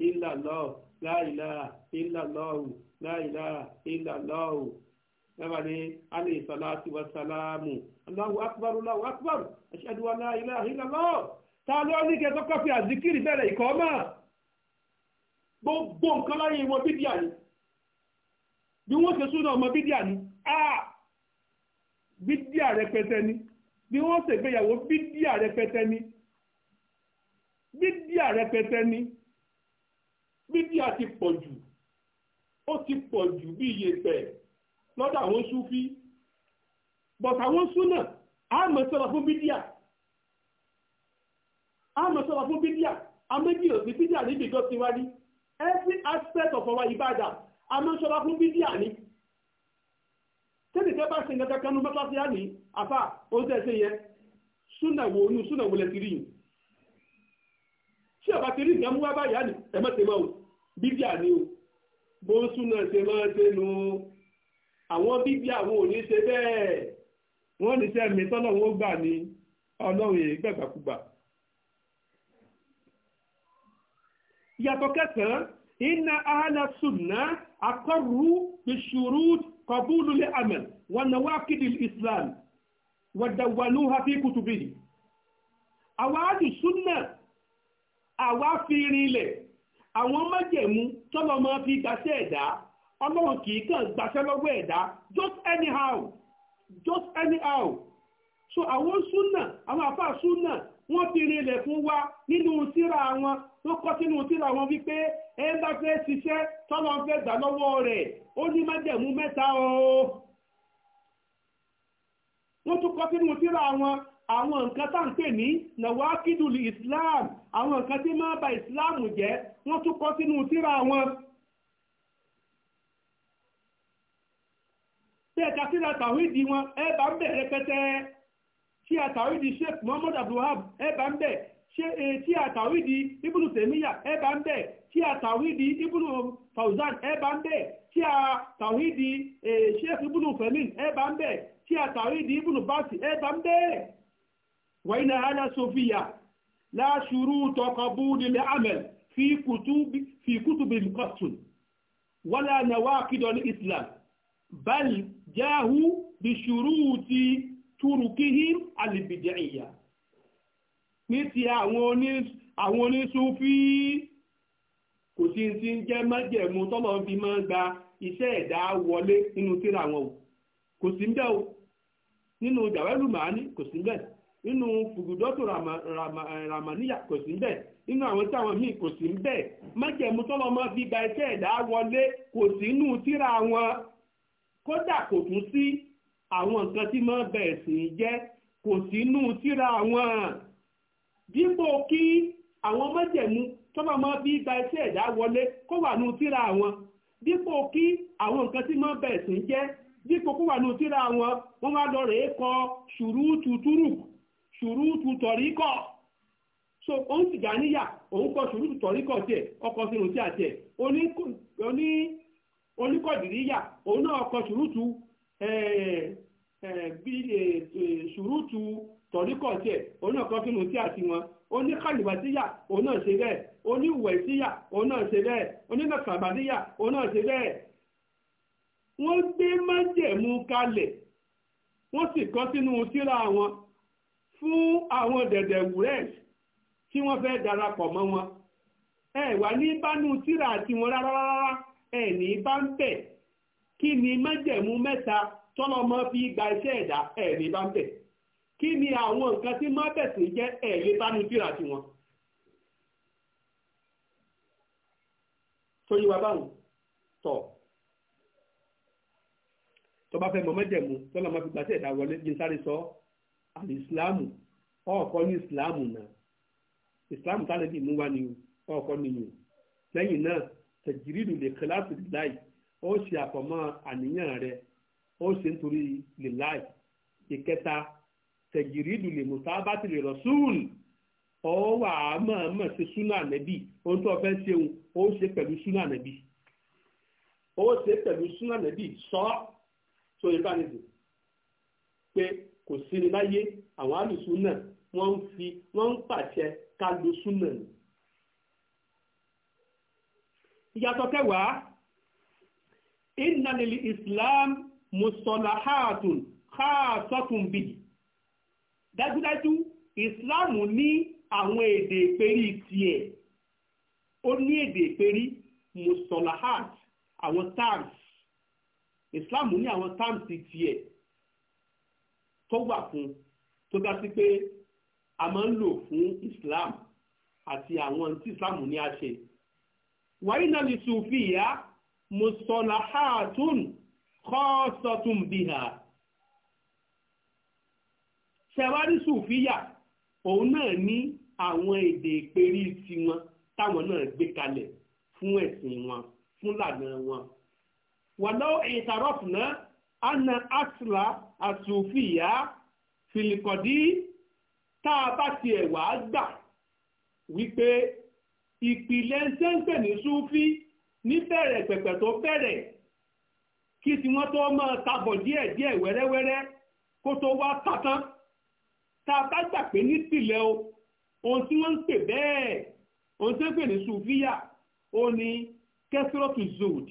ìlàlọ́ láìlà ìlàlọ́ láìlà ìlàlọ́ lábàdé alẹ́ sàlátì wa sàlámù Allahu akbar Allahu akbar ashhadu an la ilaha illallah ta ló ní kẹ́ tọ́kọ́ fi àzikiri bẹ̀rẹ̀ ìkọ́ mọ̀ gbogbo nǹkan láyé wọn bídíà yìí bí wọ́n ṣe súnà ọmọ bídíà ni ah bídíà rẹpẹtẹ ni bí wọ́n ṣe gbéyàwó bídíà rẹpẹtẹ ni bídíà rẹpẹtẹ ni bídíà ti pọ̀ jù ó ti pọ̀ jù bí iyẹ̀pẹ̀ lọ́dọ̀ àwọn súfí bọ̀tà àwọn súnà àmọ́ sọ̀rọ̀ fún bídíà àmọ́ sọ̀rọ̀ fún bídíà amédìí òsì bídíà níbi gan ti wá ní every aspect of our Ibadan àmọ́ ṣọ́ra fún bídíà ni tẹ́lẹ̀kẹ́ bá ṣe nǹkan kanú mọ́sáṣí á ní àfà ó tẹ́ ṣe yẹn súnà wo inú súnà wo lẹ ti rí yìí tí ọba ti rí nǹkan mú wá báyà ní ẹ̀mọ́tẹ̀ mọ́ bídíà ni o bó ń súnà ṣe máa ṣe nu àwọn bídíà wọn ò ní ṣe bẹ́ẹ̀ wọ́n ní sẹ́mi tọ́nà wọn gbà ní ọlọ́run yìí gbàgbàkúgbà yàtọ̀ kẹsàn-án iná ahánà sùn أقروا بالشروط قبول الأمل ونواقض الإسلام ودولوها في كتبه àwọn alùsúnà àwa fi rinlẹ̀ àwọn májẹ̀mú tọ́lọ máa fi gbàṣẹ́ ẹ̀dá ọlọ́run kì í kàn gbàṣẹ́ lọ́wọ́ ẹ̀dá just anyhow just anyhow so àwọn súnà àwọn àfáà súnà wọ́n ti ilẹ̀ fún wa nínú usira wọn tó kọ́ sínú tíra wọn wípé ẹ ń bá fẹ́ ṣiṣẹ́ tọ́lọ́ fẹ́ gbà lọ́wọ́ rẹ̀ ó ní májẹ̀mú mẹ́ta o. wọ́n tún kọ́ sínú wọn àwọn nǹkan tá ń pè ní nawakidul islam àwọn nǹkan tí máa bà islam jẹ́ wọ́n tún kọ́ sínú tíra wọn. bẹ́ẹ̀ ka síra wọn ẹ bá ń bẹ̀rẹ̀ pẹ́tẹ́. tí a tàwídìí sheikh muhammad abdulwahab ẹ bá ń bẹ̀ tí a tàwídìí ibùdó tèmíyà ẹ bá ń bẹ̀ tí a tàwídìí ibùdó fauzan ẹ bá ń bẹ̀ tí a tàwídìí sheikh ibùdó fẹmin ẹ bá ń bẹ̀ tí a ibùdó basi ẹ bá ń bẹ̀. wàyínà ala sofiya láṣùrù tọkọbù nílẹ̀ amẹl fi kútùbí kọ́tùn wàlà nàwákìdọ̀ ní islam bal jáhu bí ṣùrù ti. turukihim kihi ní ti àwọn oníṣúfí kò sí ti ń jẹ́ májẹ̀mú tọ́lọ́ fi máa ma gba iṣẹ́ ẹ̀dá wọlé nínú tíra wọn o kò sí o nínú jàwẹ́lù màání kò sí ń n'inu nínú fùgùdọ́tò ràmàníyà kò sí n'inu nínú àwọn tí àwọn míì kò sí ń fi gba iṣẹ́ ẹ̀dá wọlé kò sí nínú tíra wọn kódà àwọn nǹkan tí máa bẹ̀ẹ̀ sí í jẹ́ kò sínú síra àwọn dípò kí àwọn májẹ̀mú tó bá máa bí gba iṣẹ́ ẹ̀dá wọlé kó wà nù síra àwọn dípò kí àwọn nǹkan tí máa bẹ̀ẹ̀ sí í jẹ́ dípò kó wà nù síra àwọn wọ́n wá lọ rèé kọ ṣùrùtù túrùkù ṣùrùtù tọ̀ríkọ̀ so òun sì gà níyà òun kọ ṣùrùtù tọ̀ríkọ̀ tiẹ̀ ọkọ̀ sínú tí a tiẹ̀ oníkọ̀dìríyà òun náà kọ ṣùrùtù Eh, eh, bí eh, ṣùrùtù tọ̀ríkọ̀ tiẹ̀ òun náà kan sínú tí àti wọn oní kàlùbàtíyà òun náà ṣe bẹ́ẹ̀ oní ìwẹ̀síyà òun náà ṣe bẹ́ẹ̀ oní nàkàbàdíyà òun náà ṣe bẹ́ẹ̀. wọ́n gbé májẹ̀mú kalẹ̀ wọ́n sì kọ́ sínú tírà wọn fún àwọn dẹ̀dẹ̀ wúrẹ́ tí wọ́n fẹ́ darapọ̀ mọ́ wọn. ẹ wà ní bánú tírà tiwọn rárá ẹ ní bá kí ni májẹ̀mú mẹ́ta tọ́lọ́mọ fi gba iṣẹ́ ẹ̀dá ẹ̀ẹ́lì bá ń bẹ̀ kí ni àwọn nǹkan tí má bẹ̀sìn jẹ́ ẹ̀ẹ́lì bá nu bíra tiwọn. tó yí wa báwọn tọ̀ tó bá fẹ́ mọ májẹ̀mú tọ́lọ́mọ fi gba iṣẹ́ ẹ̀dá wọlé jí sáré sọ àmì ìsìláàmù ọ̀ọ̀kọ́ ní ìsìláàmù náà ìsìláàmù tálẹ́bì mú wá ni ọ̀ọ̀kọ́ nìyẹn lẹ́yìn náà tẹ̀jìrìdù lè kíláàsì láì ó ṣe àfọ̀mọ́ àníyàn rẹ ó ṣe nítorí lèláì ìkẹta tẹ̀gìrìdù lè mùsàbátì lè rọ̀ṣùn ó wà á mọ̀ọ́mọ̀ ṣe súnà nẹ́bì ohun tó fẹ́ ṣeun ó ṣe pẹ̀lú súnà nẹ́bì ó ṣe pẹ̀lú súnà nẹ́bì sọ tó yẹ bá nìyẹn pé kò sí ní láyé àwọn àlùsùn náà wọ́n ń fi wọ́n ń pàṣẹ ká lo súnà ìyàtọ̀ kẹwàá inna lil islam mustalahatun khaasatun bi dájúdájú islam ní àwọn èdè ìpérí tiẹ̀ ó ní èdè ìpérí mustalahat àwọn terms islam ní àwọn terms tiẹ̀ tó wà fún tó dá sí pé a máa ń lò fún islam àti àwọn tí islam ní a ṣe wàyí náà ni sùfì yá mustalahatun khassatun biha ṣẹwárí sùfíyà òun náà ní àwọn èdè ìperí tiwọn táwọn náà gbé kalẹ̀ fún ẹ̀sìn wọn fún lànà wọn wàlọ́ ìtàrọ́fùnà anna asla asùfíyà fìlìkọ̀dí tá a bá tiẹ̀ wàá gbà wípé ìpìlẹ̀ ń ní sùfí níbẹ̀rẹ̀ pẹ̀pẹ̀ tó bẹ̀rẹ̀ kí tí wọ́n tó máa tabọ̀ díẹ̀ díẹ̀ wẹ́rẹ́wẹ́rẹ́ kó tó wá tatán tá bá gbà pé nípìnlẹ̀ o ohun tí wọ́n ń pè bẹ́ẹ̀ ohun tí wọ́n ń pè ní sùfíà ó ní kẹfìrọ́tù zood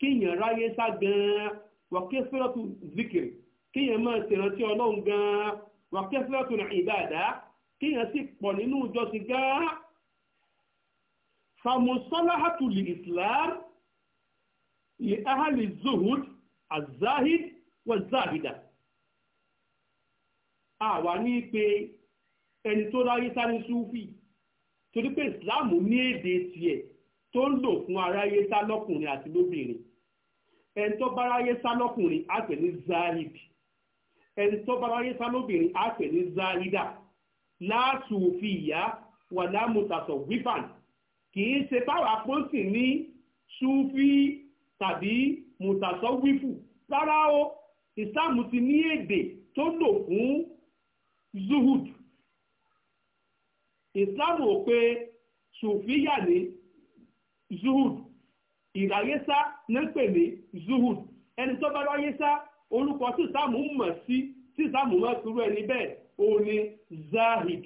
kíyàn ráyé sá gan-an wà kẹfìrọ́tù zikiri kíyàn máa ṣèrántí ọlọ́run gan-an wà kẹfìrọ́tù ìbádà kíyàn sì pọ̀ nínú ìjọsìn gan-an. فمصطلحة الإسلام لأهل الزهد الزاهد والزاهدة àwa ní pé ẹni tó ráyé sáré súfì torí pé ìsìláàmù ní èdè tiẹ̀ tó ń lò fún aráyé sá lọ́kùnrin àti lóbìnrin ẹni tó bá ráyé sá lọ́kùnrin á pè ní zahid ẹni tó bá ráyé sá lóbìnrin á pè ní zahida láàsùfìyà wà láàmùtàsọ̀ wífàn kìí ṣe báwa pọ́ǹsì ní ṣúfí tàbí mùtàsọ́wífù rárá o ìsáàmù ti ní èdè tó lò fún zuhud ìsáàmù ò pé ṣùfíyà ní zuhud ìráyésá ní pè ní zuhud ẹni tó bá ráyésá orúkọ tí ìsáàmù mọ̀ sí tí ìsáàmù mọ̀ sí irú ẹni bẹ́ẹ̀ òun ni zahid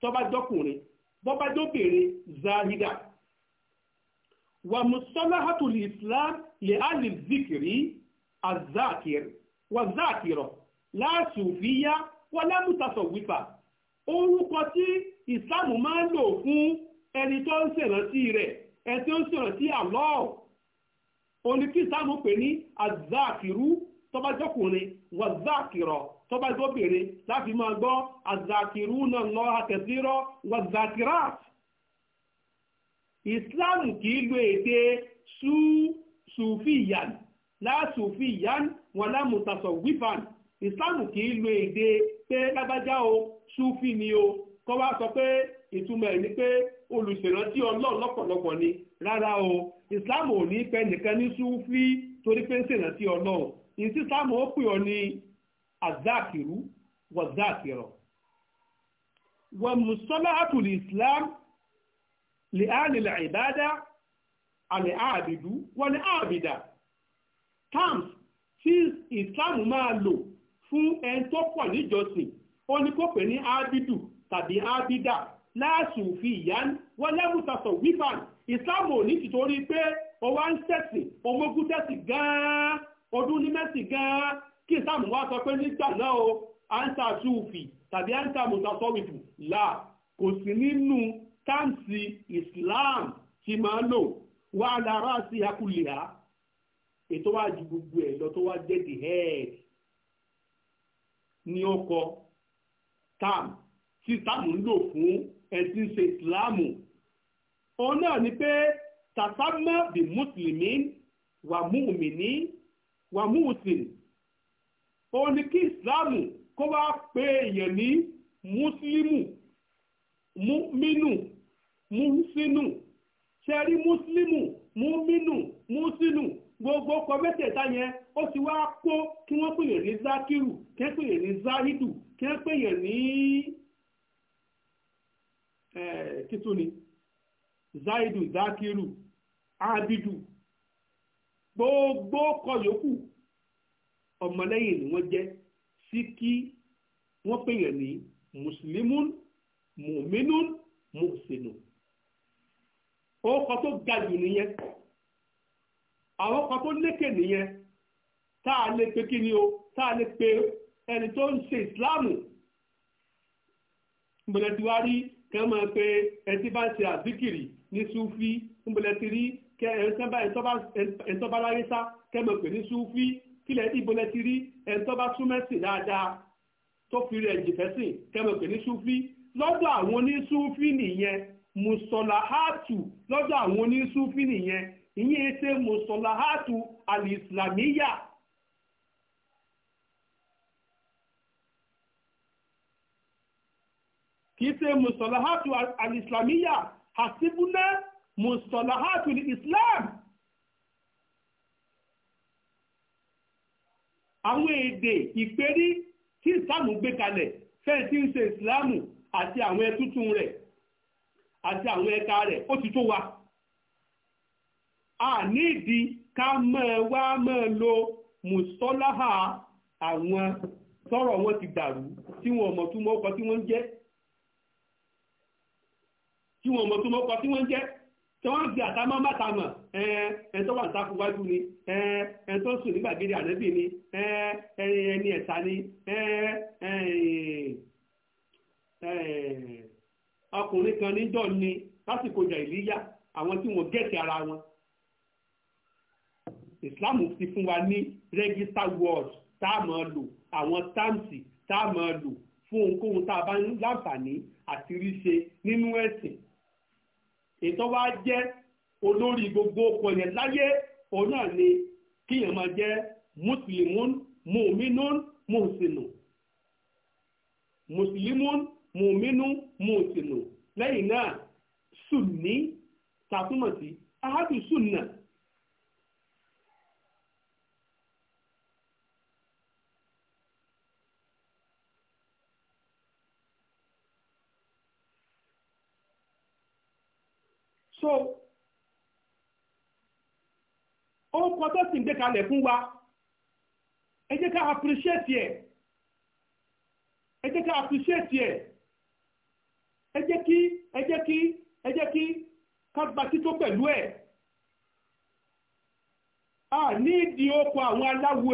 tó bá jọkùnrin bọ́bájọ́ bèrè zahida wà mùsọ́láhàtù islam lè alì zikiri azakir wà zakirọ̀ láàṣùfíyá wà lámùtàsọ̀wífà orúkọ tí islam máa ń lò fún ẹni tó ń ṣèrántí rẹ̀ ẹni tó ń ṣèrántí Allah oníkí islam pè ní azakiru tọ́bájọ́kùnrin wà zakirọ̀ tó bá tó bèrè láti máa gbọ́ àzàkìrú náà lọ àtẹ̀sírọ́ wàzàkìrát islam kì í lo èdè sùfìyàn láàsùfìyàn wọn lámùtàsọ̀ wífàn islam kì í lo èdè pé lágbájá o sùfì ni o kọ́ wá sọ pé ìtumọ̀ ẹ̀ ni pé olùṣèrántí ọlọ́run lọ́pọ̀lọpọ̀ ni rárá o islam ò ní pẹ́ nìkan ní sùfì torí pé ń ṣèrántí ọlọ́run ìsísàmù ó pè ọ ní azákìrú wà zákìrọ̀ wà mùsọ́lá àtùlù islam lè àlìlà ìbádá àlè àbìdú wà ní àbìdá terms tí islam máa lò fún ẹni tó pọ̀ níjọsìn ó ní kó pè ní ábìdù tàbí ábìdá láàṣùfì ìyán wọ́n lẹ́mùsàsọ̀ wífàn ìsìláàmù ò ní tìtorí pé o wá ń ṣẹ̀sìn omogún tẹ̀sìn gan-an ọdún ní mẹ́sìn gan-an kí ìsáàmù wá sọ pé nígbà náà o ansa sufi tàbí ansa mutasọ́wìfù là kò sí nínú táǹsì Islam ti máa lò wà lára sí akúlìá ètò wá ju gbogbo ẹ̀ lọ tó wá jẹ́ the head ní ọkọ̀ tam tí táàmù ń lò fún ẹ̀sìn ṣe Islam òun náà ni pé tàtàmọ́ bí mùsùlùmí wà múùmìnì wà múùsìn ó ní kí ìsìláàmù kó bá pé èèyàn ní mùsùlùmù múmínù músínù ṣẹ́rí mùsùlùmù múmínù músínù gbogbo ọkọ mẹ́tẹ̀ẹ̀ta yẹn ó ti wá kó kí wọ́n pè yẹn ní zakiru kí wọ́n pè ní zahidu kí wọ́n pè ní títún ni zahidu zakiru abidu gbogbo ọkọ yòókù ọmọlẹ́yìn ni wọ́n jẹ́ sí kí wọ́n pèèyàn ní mùsùlùmún mùmínún mùsìnù orúkọ tó ga jù nìyẹn àwọn kan tó lékè nìyẹn tá a lè pe kí ni o tá a lè pe ẹni tó ń ṣe ìsìláàmù ìbẹ̀lẹ̀ tí wàá rí kẹ́ máa pe ẹni bá ń ṣe àzíkìrì ní súfí ìbẹ̀lẹ̀ tí rí kẹ́ ẹni tó bá láyé sá kẹ́ máa pè ní súfí kílẹ̀ ibo lẹ ti rí ẹni tó bá tún mẹ́sìn dáadáa tó fi rẹ̀ jìfẹ́sìn kẹ́mọ̀ pé ní súfí lọ́dọ̀ àwọn onísúfí nìyẹn mùsọ̀láhátù lọ́dọ̀ àwọn onísúfí nìyẹn ìyẹn ṣe mùsọ̀láhátù alìsìlámíyà kìí ṣe mùsọ̀láhátù alìsìlámíyà àṣìbúná mùsọ̀láhátù islam. àwọn èdè ìpérí tí ìsìláàmù gbé kalẹ̀ fẹ́ẹ̀ tí ń àti àwọn rẹ̀ àti wa a ní ìdí ká máa wá máa lo mùsọ́láhà àwọn wọn ti dàrú tí wọ́n gbé àtàmọ́ mọ́tàmọ́ ẹ tó wà ń sáfù wájú ni ẹ tó sùn ní gbàgede ànábì ni ẹni ẹ̀ta ni ọkùnrin kan níjọ́ ni lásìkò ìjà ìlíyà àwọn tí wọ́n gẹ̀ẹ́sì ara wọn. Islam ti fún wa ní register word tá a máa lò àwọn táàmùsì tá a máa lò fún ohunkóhun tá a bá ń láǹfààní àti nínú ẹ̀sìn ètò wa jẹ́ olórí gbogbo ọkọ̀ yẹn láyé òun náà ni kíyàn máa jẹ́ mùsùlùmún mùmínún mùsìnù mùsùlùmún mùmínún mùsìnù lẹ́yìn náà sùnní tàtúmọ̀ sí ahadu sunna so ó kọ tó ka ń gbé wa ẹ jẹ́ ká appreciate ẹ̀ ẹ jẹ́ ká appreciate ẹ̀ ẹ jẹ́ kí ẹ jẹ́ kí ẹ jẹ́ kí ká gba a ní ìdí àwọn aláwo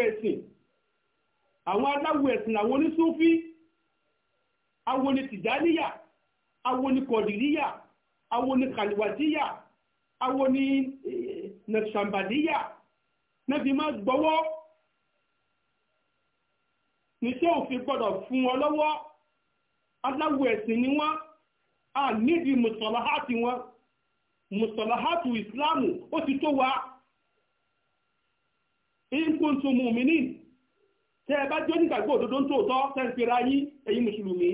àwọn aláwo àwọn àwọn onítìjáníyà àwọn àwọn ni kàlùwàdíyà àwọn ni eh, nàṣàmbàdíyà náà fi máa gbọ́wọ́ níṣẹ́ òfin gbọ́dọ̀ fún wọn lọ́wọ́ aláwọ̀ ẹ̀sìn ni wọ́n a nídìí mùsọ̀láhátì wọn mùsọ̀láhátì ìsìláàmù ó ti tó wa ìkùntù mùmínín tẹ́ ẹ bá jẹ́ nígbàgbọ́ òdodo ń tòótọ́ tẹ́ ń pera mùsùlùmí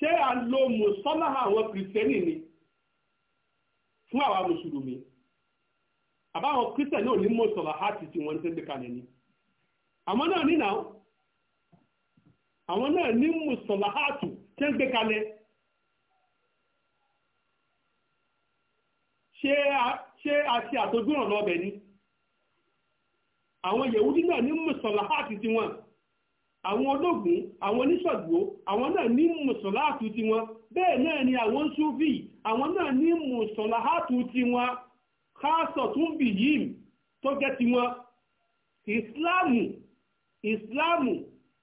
ṣé à ń awon mùsọ́lá àwọn kìrìsìtẹ́nì ni fún àwa mùsùlùmí àbáwọn kìrìsìtẹ́nì ò ní mùsọ̀lá àti tí wọ́n ń kalẹ̀ ni àwọn náà nínà àwọn náà ní mùsọ̀lá tẹ́ gbé kalẹ̀ ṣé a àtọ́jú ọ̀nà ọbẹ̀ ni àwọn yẹ̀wúdí náà ní mùsọ̀lá àti àwọn ológun àwọn oníṣàgbó àwọn náà ní mùsọ̀láàtù wọn bẹ́ẹ̀ náà ni àwọn àwọn náà ní mùsọ̀láàtù wọn káàsọ̀ tún bì yìí tó jẹ́ tiwọn ìsìláàmù ìsìláàmù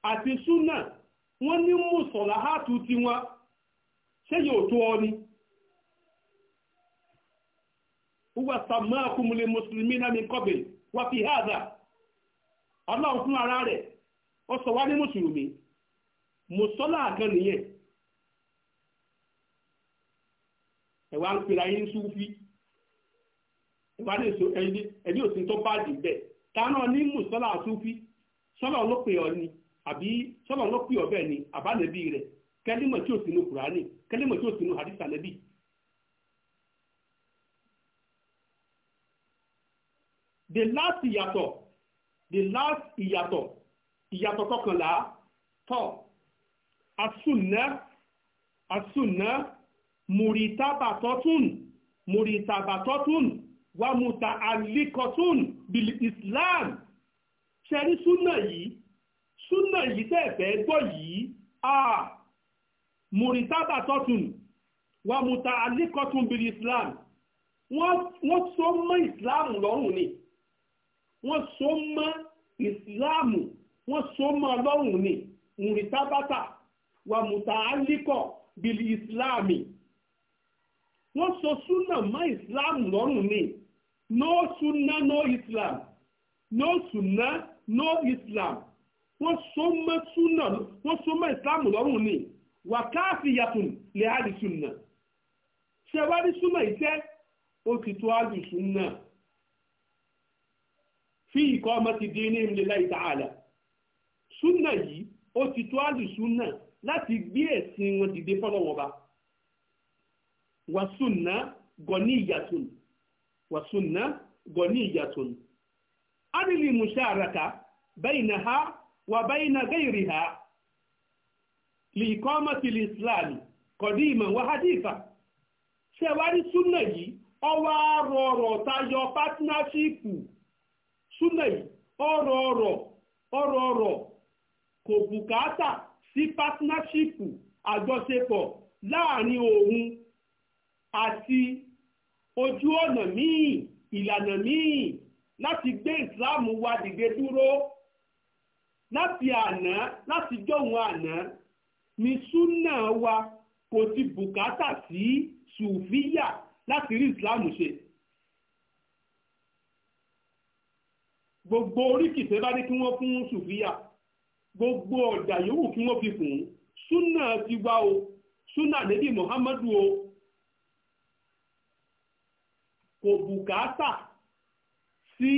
àti súnà wọ́n ní mùsọ̀láàtù tiwọn ṣé yóò tó ọ ni fi ọlọ́run fún ara rẹ̀ ó sọ wá ní mùsùlùmí mùsọ́lá kan nìyẹn ẹ̀wà ń pera yín súfí ẹ̀wà ní èso ẹ̀dí òsín tó bá dì bẹ́ẹ̀ ní mùsọ́lá súfí ni àbí sọ́lọ̀ ló pè ni àbánẹ́bí rẹ̀ kẹ́límọ̀ tí the last ìyàtọ̀ the last ìyàtọ̀ ìyàtọ̀ kọkànlá tọ̀ asúnà asúnà mùrìtàbàtọ́tún mùrìtàbàtọ́tún wà mùtà àlíkọ̀tún bìlì islam ṣẹ́rí súnà yìí súnà yìí tẹ̀fẹ́ gbọ́ yìí a mùrìtàbàtọ́tún wà mùtà àlíkọ̀tún bìlì islam wọ́n so mọ́ islam lọ́rùn ni wọ́n so mọ́ islam lọ́rùn wọ́n so mọ́ lọ́rùn ni mùrìtábátà wà mùtàálíkọ̀ bíi ìsìláàmì wọ́n so súnà mọ́ ìsìláàmù lọ́rùn ni no súnà no islam no súnà no islam wọ́n so mọ́ súnà wọ́n so mọ́ ìsìláàmù lọ́rùn ni wà káàfì yàtùn lè hàlì súnà ṣẹ̀wárí súnà ìtẹ́ ó ti tó hàlì súnà fi ìkọ́ ọmọ ti dín ní ìmìlẹ̀ ta'ala. súnà yìí ó ti tó àlùsúnà láti gbé ẹ̀sìn wọn dìde wa ba wàsúnà gọ̀ní ìyàtún wàsúnà gọ̀ní ìyàtún. adìlì musharaka ha wa baina gairiha liqamati al-islam qadima wa hadifa ṣẹ̀wárí súnà yìí ọwọ́ rọrọ̀ tayọ pátínáṣípù súnà yìí ọrọ̀ ọrọ̀ ọrọ̀ ọrọ̀ kò bùkátà sí pátínáṣípù àjọṣepọ̀ láàrin òun àti ojú ọ̀nà míì ìlànà míì láti gbé ìsìláàmù wa dìde dúró láti àná láti jọ̀hún àná ni súnà wa kò ti bùkátà sí sùfíyà láti rí ìsìláàmù ṣe. gbogbo oríkì tẹ́ bá dé kí wọ́n fún sùfíyà gbogbo ọ̀dà yòówù kí wọ́n fi kùn súnà ti wá o súnà níbi Muhammadu o kò bùkátà sí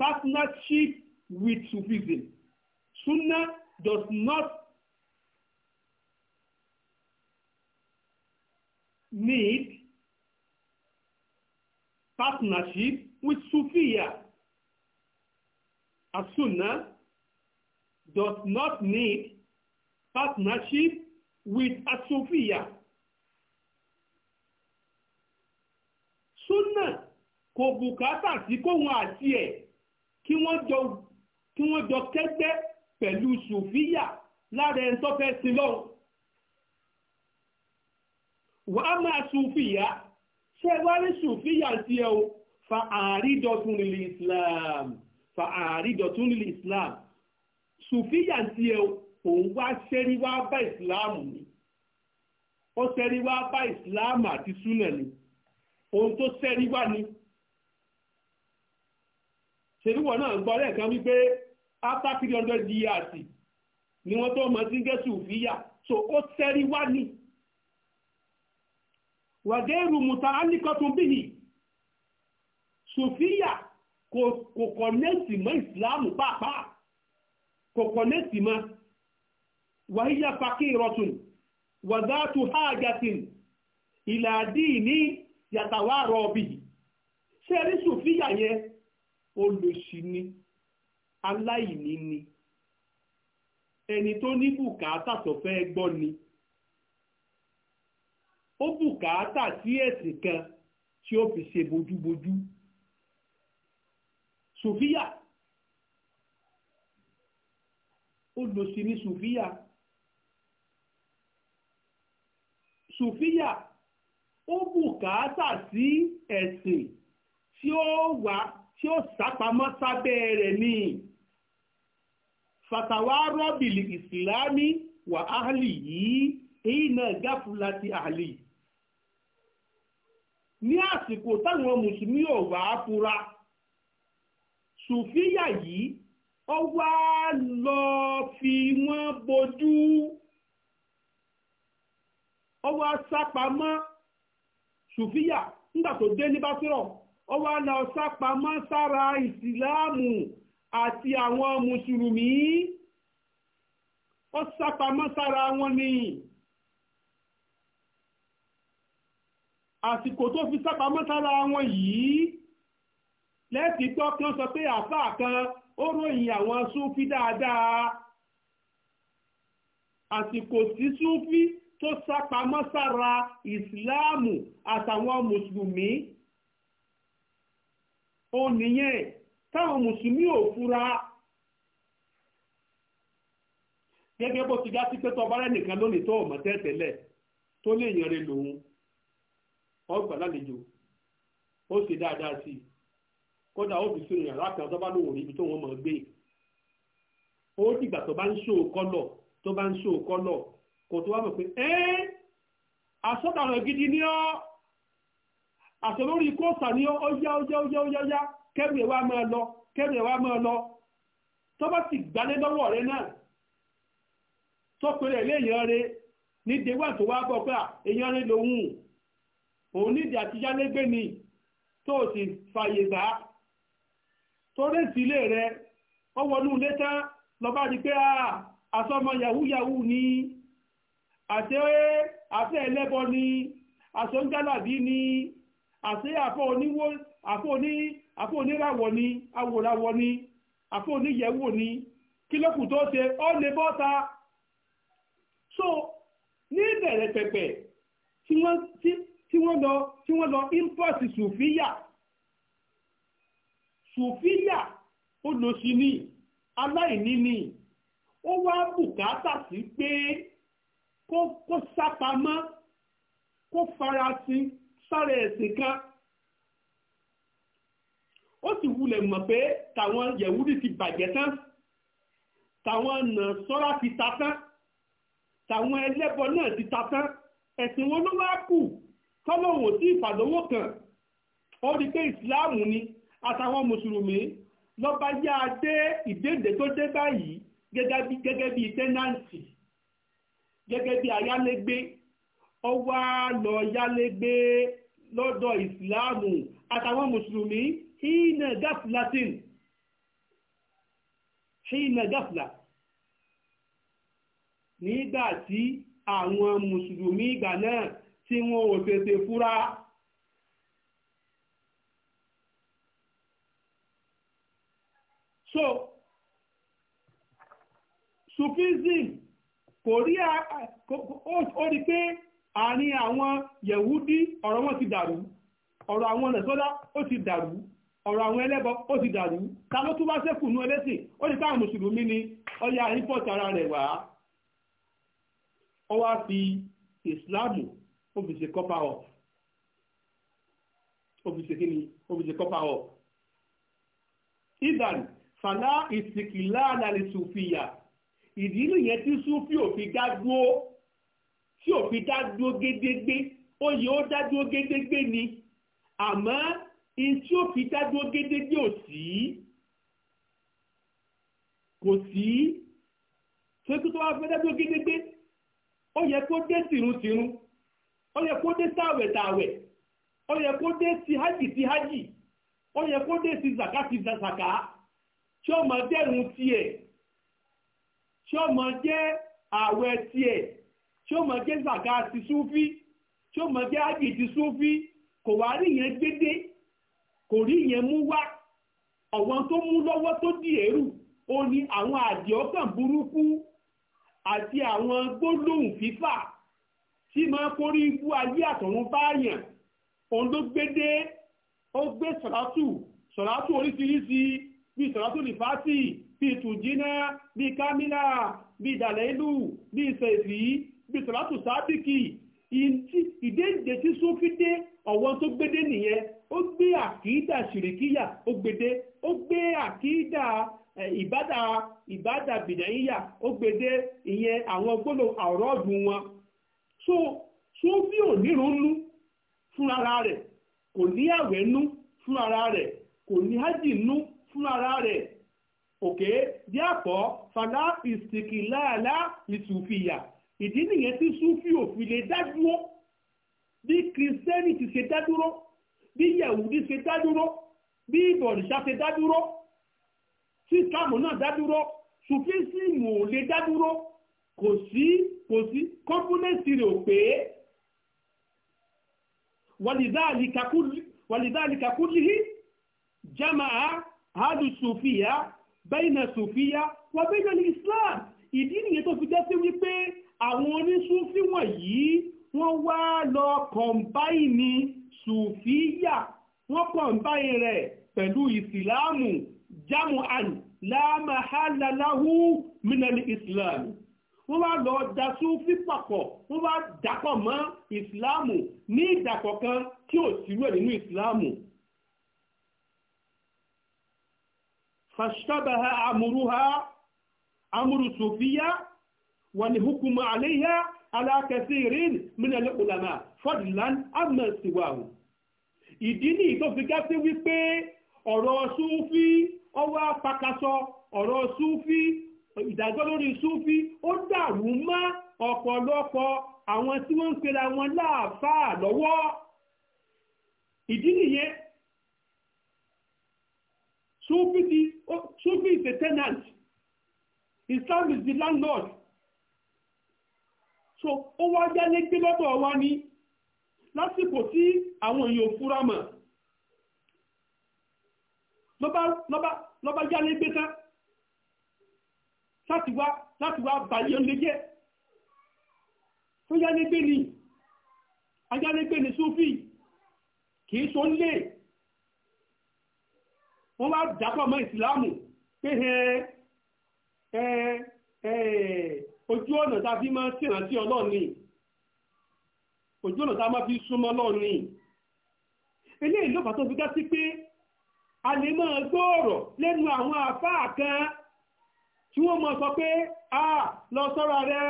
partnership with Sufism súnà does not need partnership with Sufia as-sunnah does not need partnership with asofia. Súnà kò bùkátà sí kóhun àti ẹ̀ kí wọ́n jọ kẹ́gbẹ́ pẹ̀lú sofia lára ẹni tó fẹ́ sin lọ́wọ́. Wàá máa sofia ṣé wá rí sofia ti ẹ o fa àrídọ̀tún lílì Islam fa àrídọ̀tún lílì Islam sùfíyà ti ẹ òun wá ṣẹ́rí wá bá ìsìláàmù ni ó ṣẹ́rí wá bá ìsìláàmù àti súnà ni ohun tó ṣẹ́rí wá ni ṣèlúwọ̀ náà gbọ́ lẹ́ẹ̀kan wípé after three hundred years ni wọ́n tó mọ̀ sí gẹ́ sùfíyà so ó ṣẹ́rí wá ni wàdẹ́rù mùtà áníkọ́tún bíyì sùfíyà kò kọ̀nẹ́ẹ̀tì mọ́ ìsìláàmù pàápàá kò kọ̀nẹ́tì ma wàhíyá fakírọ̀tún wàdáàtú háàjàtìn ìlàdí ní yàtàwárọ̀ ọ̀bì sẹ́rí sùfíyà yẹn olùsí ni aláìní ni ẹni tó ní bùkátà tó fẹ́ gbọ́ ni ó bùkátà sí ẹ̀sìn kan tí ó fi ṣe bójúbójú sùfíyà. olùsí ni sùfíà sùfíà ó bùkátà sí ẹ̀sìn tí ó wà tí ó sápamọ́ sábẹ́ rẹ̀ ní fàtàwá rọ́bìlì ìsìlámì wà áhàlì yìí èyí náà gáfù láti àhàlì ní àsìkò táwọn mùsùlùmí ò wá fura sùfíà yìí ó wá lọ fi wọ́n bojú ó wá sápamọ́ sùfíyà nígbà tó dé ní bátírọ̀ ó wá lọ sápamọ́ sára ìsìláàmù àti àwọn mùsùlùmí ó sápamọ́ sára wọn ni àsìkò tó fi sápamọ́ sára wọn yìí lẹ́ẹ̀tì gbọ́ kan sọ pé àfáà kan ó ròyìn àwọn súnfí dáadáa àsìkò sí súnfí tó sápamọ́ sára ìsìláàmù àtàwọn mùsùlùmí ó nìyẹn táwọn mùsùlùmí ò fura gẹ́gẹ́ bó ti já sí pé nìkan lónìí tó ọmọ tẹ́tẹ̀lẹ̀ tó lè yẹn lòun ọgbà lálejò ó ṣe dáadáa sí i kódà ó fi sínú yàrá kan bá lòun níbi tó wọn mọ̀ gbé ó dìgbà tó bá ń ṣó kọ́lọ̀ tó bá ń ṣó kọ́lọ̀ kò tó wá mọ̀ pé ẹ́ àsọdàrọ̀ gidi ni ọ́ àsọlórí kóòtà ni ó yá ó yá ó yá ó yá yá kẹ́rù ẹ̀ wá máa lọ kẹ́rù ẹ̀ wá máa lọ tó bá sì lọ́wọ́ rẹ tọrị rẹ́ǹtì ilé rẹ wọ́n wọnú ilé tán pé ni àṣẹ àṣẹ ni àṣọ ni àṣẹ àfọ afọ oníràwọ̀ ni awòràwọ̀ ni àfọ oníyẹ̀wò ni kí so ní ìbẹ̀rẹ̀ pẹ̀pẹ̀ tí wọ́n lọ sùfíyà olóṣì ni aláìní ni ó wá bùkátà sí pé kó sápamọ́ kó farasin sára ẹ̀sìn kan ó sì wulẹ̀ mọ̀ pé tàwọn yẹ̀wúrí ti bàjẹ́ tán tàwọn nàṣọ́ra ti ta tán tàwọn ẹlẹ́bọ náà ti ta tán ẹ̀sìn wọn ló wá kù kọ́lọ́hùn sí ìfàdówó kan ó rí pé ìsìláàmù ni àtàwọn mùsùlùmí lọ́ba yá adé ìdéǹdè tó dé báyìí gẹ́gẹ́ bí tẹ́nàǹtì gẹ́gẹ́ bí ayálégbé ọwá lọ yálégbé lọ́dọ̀ ìsìláàmù àtàwọn mùsùlùmí hìnà gáfìlà tíìn hìnà gáfìlà nígbà tí àwọn mùsùlùmí ìgbà náà tí wọn ò tètè fura so sufism kò rí ó rí pé àárín àwọn yẹ̀wúdí ọ̀rọ̀ wọn ti dàrú ọ̀rọ̀ àwọn nẹ̀sọ́lá ó ti dàrú ọ̀rọ̀ àwọn ẹlẹ́bọ ó ti dàrú ta ló tún bá ṣẹ́kù ní ẹlẹ́sìn ó ti káwọn mùsùlùmí ni ọya ìpọ̀tà ara rẹ̀ wá ọ wá fi ìsìláàmù ó kọ́pà ọ̀ ó kí ni ó kọ́pà ọ̀ ìdàrú fàlà ìsìkìlá àlàlẹ sòfìyà ìdí nìyẹn tí súfì ò fi dá dúró tí ò fi dá dúró gédégbé ó yẹ ó dá dúró gédégbé ni àmọ́ ìtí ò fi dá dúró gédégbé ò sí kò sí tókù tó wá fẹ́ dá dúró gédégbé ó yẹ kó dé tìrùntìrùn ó yẹ kó dé tàwẹ̀tàwẹ̀ ó yẹ kó dé sí hájì sí hájì ó yẹ kó dé sí zàká sí zàká tí ó mọ dẹ́rùn tiẹ̀ tí ó mọ jẹ́ ààwẹ̀ tiẹ̀ tí ó mọ jẹ́ zàgà ti súfí tí ó mọ jẹ́ ágì ti súfí kò wá rí yẹn gbédé kò rí yẹn mú wá ọ̀wọ́n tó mú lọ́wọ́ tó di èrú ó ní àwọn àdìọ́kàn burúkú àti àwọn gbólóhùn fífà tí máa kórí ikú ayé àtọ̀run báyàn òun ló gbédé ó gbé sọ̀rátù sọ̀rátù oríṣiríṣi bíi sọ̀rọ̀tún ìfásì bíi tùjínà bíi kámílà bíi ìdàlẹ̀ ìlú bíi ìṣèfì bíi sọ̀rọ̀tún sábìkì ìdéǹdè tí sófídé ọ̀wọ́n tó gbédé nìyẹn ó gbé àkídà ṣìríkíyà ó gbédé ó gbé àkídà ìbádà ìbádà bìdẹ̀yíyà ó gbédé ìyẹn àwọn gbólóhùn àwòrán ọ̀dùn wọn so sófí ò nírun nú fúnra rẹ̀ kò ní àwẹ̀ fúnra rẹ̀ kò ní hájì nú fún ara rẹ̀ òkè díàpọ̀ fàlà ìsìnkìláàlá ìsùfìyà ìdí nìyẹn tí súfì òfin lè dádúró bí kìrìsìtẹ́nì ti ṣe dádúró bí yẹ̀wùdí ṣe dádúró bí ìbọ̀rìṣà ṣe dádúró tí ìsìlámù náà dádúró sufisimu ò lè dádúró kò sí kò sí kọ́mpónẹ́ǹtì rẹ̀ ò pé wàlìdáàlì kakúlìhí Jamaa hadu sufiya bẹ́yìnà sufiya wà bẹ́yìnà ní islam ìdí nìyẹn tó fi jẹ́ sí wípé àwọn onísúfí wọ̀nyí wọ́n wá lọ kọ̀ǹbáìnì sufiya wọ́n kọ̀ǹbáìnì rẹ̀ pẹ̀lú ìsìláàmù jámù àn láàmàhálàláhù mìnàlì ìsìláàmù wọ́n wá lọ da sufi papọ̀ wọ́n wá dàpọ̀ mọ́ ìsìláàmù ní ìdàpọ̀ kan tí ò sí rẹ̀ nínú ìsìláàmù فاشتبه أمرها أمر الصوفية والحكم عليها على كثير من العلماء فضلا عما سواه ìdí ní tó fi gá sí wípé ọ̀rọ̀ súfí ọwọ́ apakasọ ọ̀rọ̀ súfí ìdájọ́ lórí súfí ó dàrú mọ́ ọ̀pọ̀lọpọ̀ àwọn tí wọ́n ń pera wọn láàfáà lọ́wọ́ ìdí nìyẹn Sufi, the, oh, Sufi is the tenant. Islam is the landlord. So ó wá jálé gbé lọ́dọ̀ wa ní lásìkò tí àwọn èèyàn fura mọ̀. Lọ́ba jálé gbé tán láti wá láti wá bàyẹ̀ lè jẹ́. Ó jálé gbé ni, ajálégbé ni Sufi, kìí so ń lè. wọ́n wá dàpọ̀ mọ́ ìsìláàmù pé ojú ọ̀nà tá a fi máa ń ṣèrántí ọlọ́run ni ojú ọ̀nà tá a máa fi súnmọ́ ọlọ́run eléyìí ló tó fi dá sí pé a lè máa gbọ́ọ̀rọ̀ lẹ́nu àwọn àfáà kan tí wọ́n sọ pé a lọ sọ́ra rẹ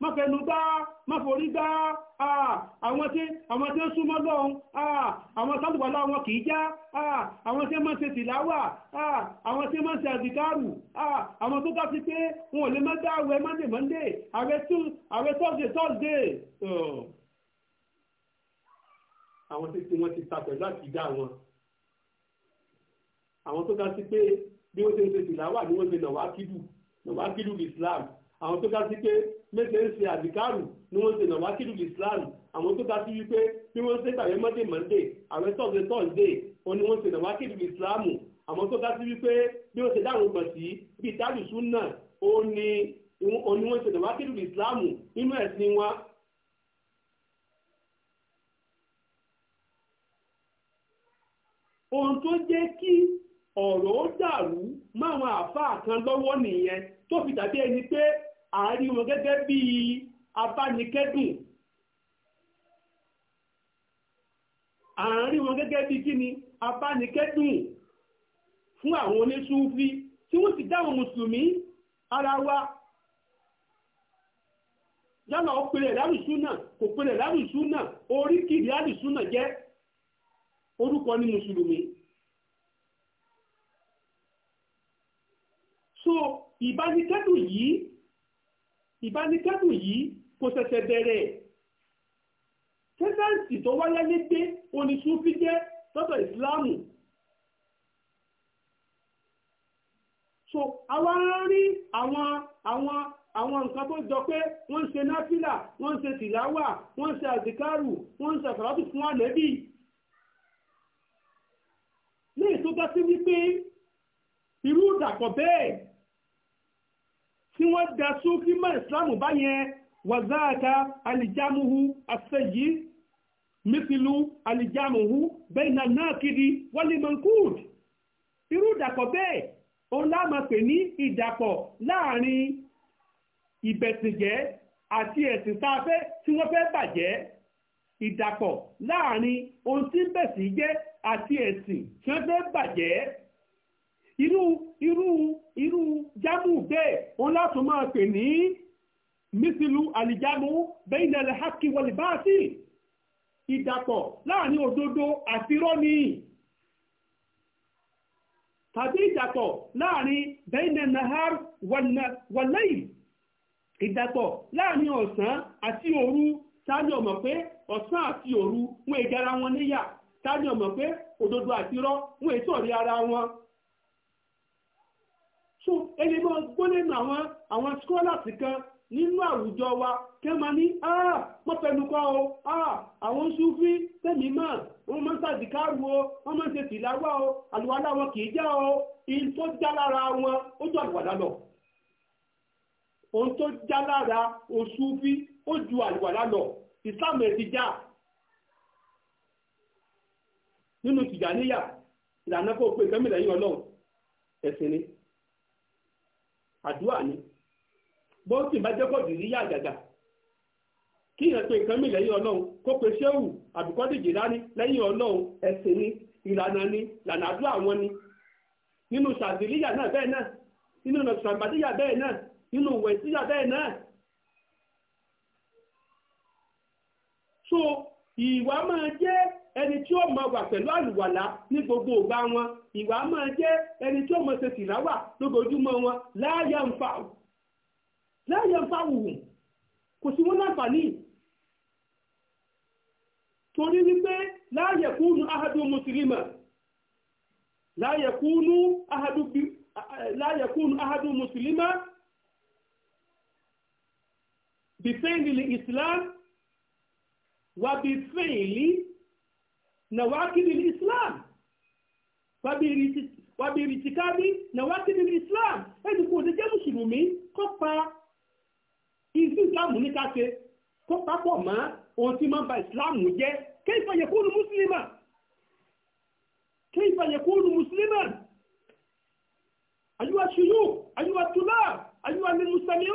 má fẹnu gbá má forí gbá àwọn tí àwọn tí ń súnmọ́ lọ́hún àwọn sálùwàlá wọn kì í já àwọn tí máa ń ṣe tìláwà àwọn tí máa ń ṣe àdìkárù àwọn tó bá ti pé wọn ò lè má dá àwẹ̀ monday monday àwẹ̀ tún àwẹ̀ thursday thursday àwọn tí wọ́n ti ta pẹ̀lú àtìgá wọn àwọn tó ga sí pé bí wọ́n ṣe ń ṣe tìláwà ni wọ́n ṣe nàwákìdù nàwákìdù islam àwọn tó ga sí pé méje ń ṣe àdìkárù ni wọ́n ṣe nàwákìlù islam àwọn tó ta sí wípé bí wọ́n ṣe gbàgbé mọ́dé mọ́dé àwọn tọ́sẹ̀ tọ́sẹ̀ wọn ni wọ́n ṣe nàwákìlù islam àwọn tó ta sí wípé bí wọ́n ṣe dáhùn gbọ̀n sí bí ìtàlù súnà ó ní wọ́n ṣe nàwákìlù islam nínú ẹ̀sìn wa ohun tó jẹ́ kí ọ̀rọ̀ ó dàrú máwọn àáfàá kan lọ́wọ́ nìyẹn tó fi dàbí ẹni pé à ń rí wọn gẹ́gẹ́ bí abánikẹ́dùn à ń rí wọn gẹ́gẹ́ bí kíni abánikẹ́dùn fún àwọn oníṣúfí tí wọ́n ti dáwọn mùsùlùmí ara wa yálà ó pèrè lálùsúnà kò pèrè lálùsúnà oríkìrí lálùsúnà jẹ́ orúkọ ní mùsùlùmí so ìbánikẹ́dùn yìí ìbánikẹ́dùn yìí kò ṣẹ̀ṣẹ̀ bẹ̀rẹ̀ sẹ́sẹ̀ǹsì tó wáyé lédè oníṣúfí jẹ́ lọ́dọ̀ ìsìláàmù so àwọn rí àwọn àwọn àwọn nǹkan tó jọ pé wọ́n ń ṣe náfìlà wọ́n ń ṣe tìláwà wọ́n ń ṣe àdìkárù wọ́n ń ṣe àfàràtù fún àlẹ́bí léè tó bá sí wípé irú ìdàpọ̀ bẹ́ẹ̀ tí wọ́n da súfí mọ́ ìsìlámù báyẹn wàzáàkà alìjámuhu àṣẹyí mísìlú alìjámuhu bẹ́ẹ̀nà náà kiri wọlé mọ̀nkúùd irú ìdàpọ̀ bẹ́ẹ̀ òun láàmà pè ní ìdàpọ̀ láàrin ìbẹ̀sìnjẹ́ àti ẹ̀sìn tá a fẹ́ tí wọ́n fẹ́ bàjẹ́ ìdàpọ̀ láàrin ohun tí ń bẹ̀sìn jẹ́ àti ẹ̀sìn tí wọ́n fẹ́ bàjẹ́ irú irú irú jamu bẹ́ẹ̀ wọn láti máa pè ní mísìlú àlìjámù bẹ́yìn ẹ̀lẹ́ hákì wọlé báàsì ìdàpọ̀ láàrin òdodo àti rọ́ọ̀nì tàbí ìdàpọ̀ láàrin bẹ́yìn ẹ̀nàhár wọ̀lẹ́yìn ìdàpọ̀ láàrin ọ̀sán àti òru tàbí ọmọ pé ọ̀sán àti òru wọn ìdára wọn níyà tàbí ọmọ pé òdodo àti rọ́ wọn ètò ọ̀rẹ́ ara wọn so ẹni máa gbólẹ́nu àwọn àwọn scholars kan nínú àwùjọ wa kí wọ́n máa ní wọ́n ah, fẹnu kọ́ o ah, àwọn sufi tẹ̀mí mọ̀ wọ́n máa ń ṣàdìkárù o wọ́n máa ń ṣe tìláwà o àlùwàlá wọn kì í já o ihun tó já lára wọn ó jọ àlùwàlá lọ ohun tó já lára osufi ó ju àlùwàlá lọ ìsàmù ẹ̀ ti já nínú tìjà níyà ìlànà kó o ìfẹ́mìlẹ̀ yín ọlọ́run ẹ̀sìn ni àdúrà ni bó sì bá jẹ́ kọ́ọ̀dù rí yá àgàgà kí ìyẹn pé nǹkan mi lẹ́yìn ọlọ́run kó pe ṣéwù àbíkọ́dìjì rání lẹ́yìn ọlọ́run ẹ̀sìn ni ìlànà ni ìlànà àdúrà wọn ni nínú ṣàdìlíyà náà bẹ́ẹ̀ náà nínú ṣàǹbàdíyà bẹ́ẹ̀ náà nínú wẹ̀síyà bẹ́ẹ̀ náà. so ìwà máa jẹ́ ẹni tí ó máa wà pẹ̀lú àlùwàlá ní gbogbo ìgbà wọn ìwà máa jẹ́ ẹni tí ó máa ṣe tìláwà lójoojúmọ́ wọn láàyè ń fa láàyè ń wùwù kò sí wọn láǹfààní torí wípé láàyè kúnnú ahadu mùsùlùmá láàyè kúnnú ahadu láàyè kúnnú ahadu mùsùlùmá bìfẹ́ǹdì islam wà bìfẹ́ǹdì nawakid islam wàbírí ti kárí nawakid islam ẹni kò lè jẹ́ mùsùlùmí kópa ìsú ìsìláàmù ní káṣe kópa pọ̀ mọ́ ohun tí máa ń ba ìsìláàmù jẹ́ kéèfà yẹ kó lu mùsùlùmá kéèfà yẹ kó lu mùsùlùmá ayúwa ṣuyú ayúwa tulá ayúwa lè mùsùlùmí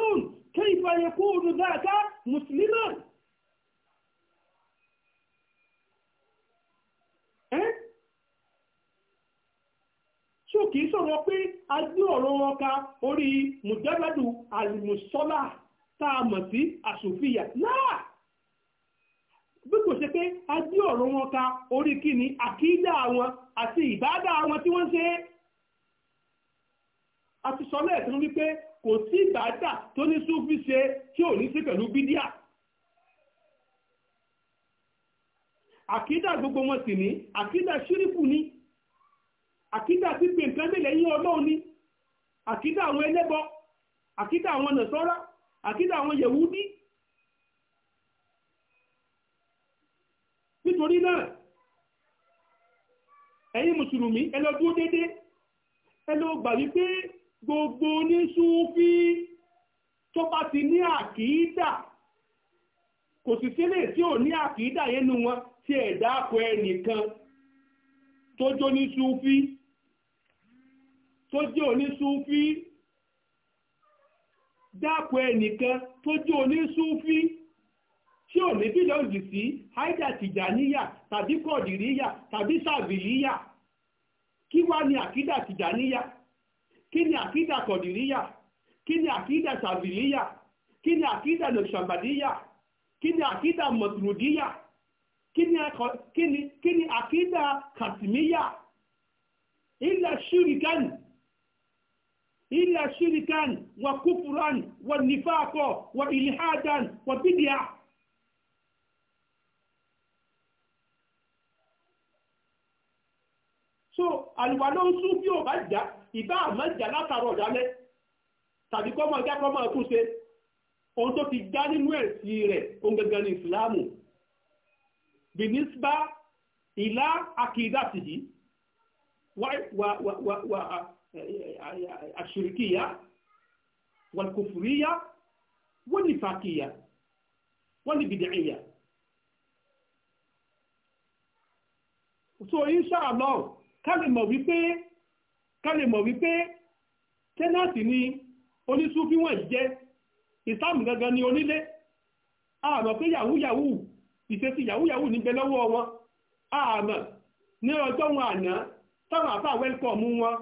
kéèfà yẹ kó lu dáadáa mùsùlùmá. kì í sọ̀rọ̀ pé a gbé ọ̀rọ̀ wọn ka orí mùjáládù àlùmùsọ́lá tá a mọ̀ sí àsòfìyà náà bí kò ṣe pé a gbé ọ̀rọ̀ wọn ka orí kíni àkídà wọn àti ìbádà wọn tí wọ́n ṣe a ti sọ lẹ́ẹ̀kan wípé kò sí ìbádà tó ní súfì ṣe tí ò ní sí pẹ̀lú bídíà àkídà gbogbo wọn sì ní àkídà ṣírífù ni àkídà tí pé nǹkan lè lẹ́yìn ọlọ́run ni àkídà àwọn ẹlẹ́bọ àkídà àwọn nàṣọ́rá àkídà àwọn yẹ̀wúdí nítorí náà ẹ̀yin mùsùlùmí ẹ lọ dúró déédéé ẹ lọ gbà wípé gbogbo ní súnfí tó bá ti ní àkídà kò sì sílẹ̀ tí ò ní àkídà yẹnu wọn tí ẹ̀dá akọ ẹnìkan tó jó ní súnfí tó jẹ́ onísúfí dápò ẹnìkan tó jẹ́ onísúfí tí ò ní bí lọ́ọ̀dì sí haida tìjàníyà tàbí kọ̀dìríyà tàbí sàbìlíyà kí wá ní àkídà tìjàníyà kí ni àkídà kọ̀dìríyà kí ni àkídà sàbìlíyà kí ni àkídà lọ́sàmbàdíyà kí ni àkídà mọ̀tùrùdíyà kí ni àkídà kàtìmíyà ilẹ̀ ṣúrìkánì illa shirikan wa kúfuran wa nifaqo wa ilhadan wa bidia so àlùwà ló ń sún bí ò bá jà ìbá àmọ́ jà látàrọ̀ ọ̀dálẹ́ tàbí kọ́mọ ìjà kọ́mọ ẹ̀kúnṣe ohun tó ti já nínú ẹ̀sìn rẹ̀ ohun gẹ́gẹ́ ní ìsìláàmù binisba ìlà akidatihi wà الشركية والكفرية والنفاقية والبدعية so inshallah ká lè mọ̀ wípé ká lè mọ̀ wípé tẹ́nàtì ni onísúfí wọ́n jẹ́ ìsáàmù gangan ni onílé àmọ̀ pé yahoo yahoo ìṣesí yahoo yahoo níbẹ̀ lọ́wọ́ wọn àmọ̀ ní ọjọ́ wọn àná táwọn àfà wẹ́lkọ̀mù wọn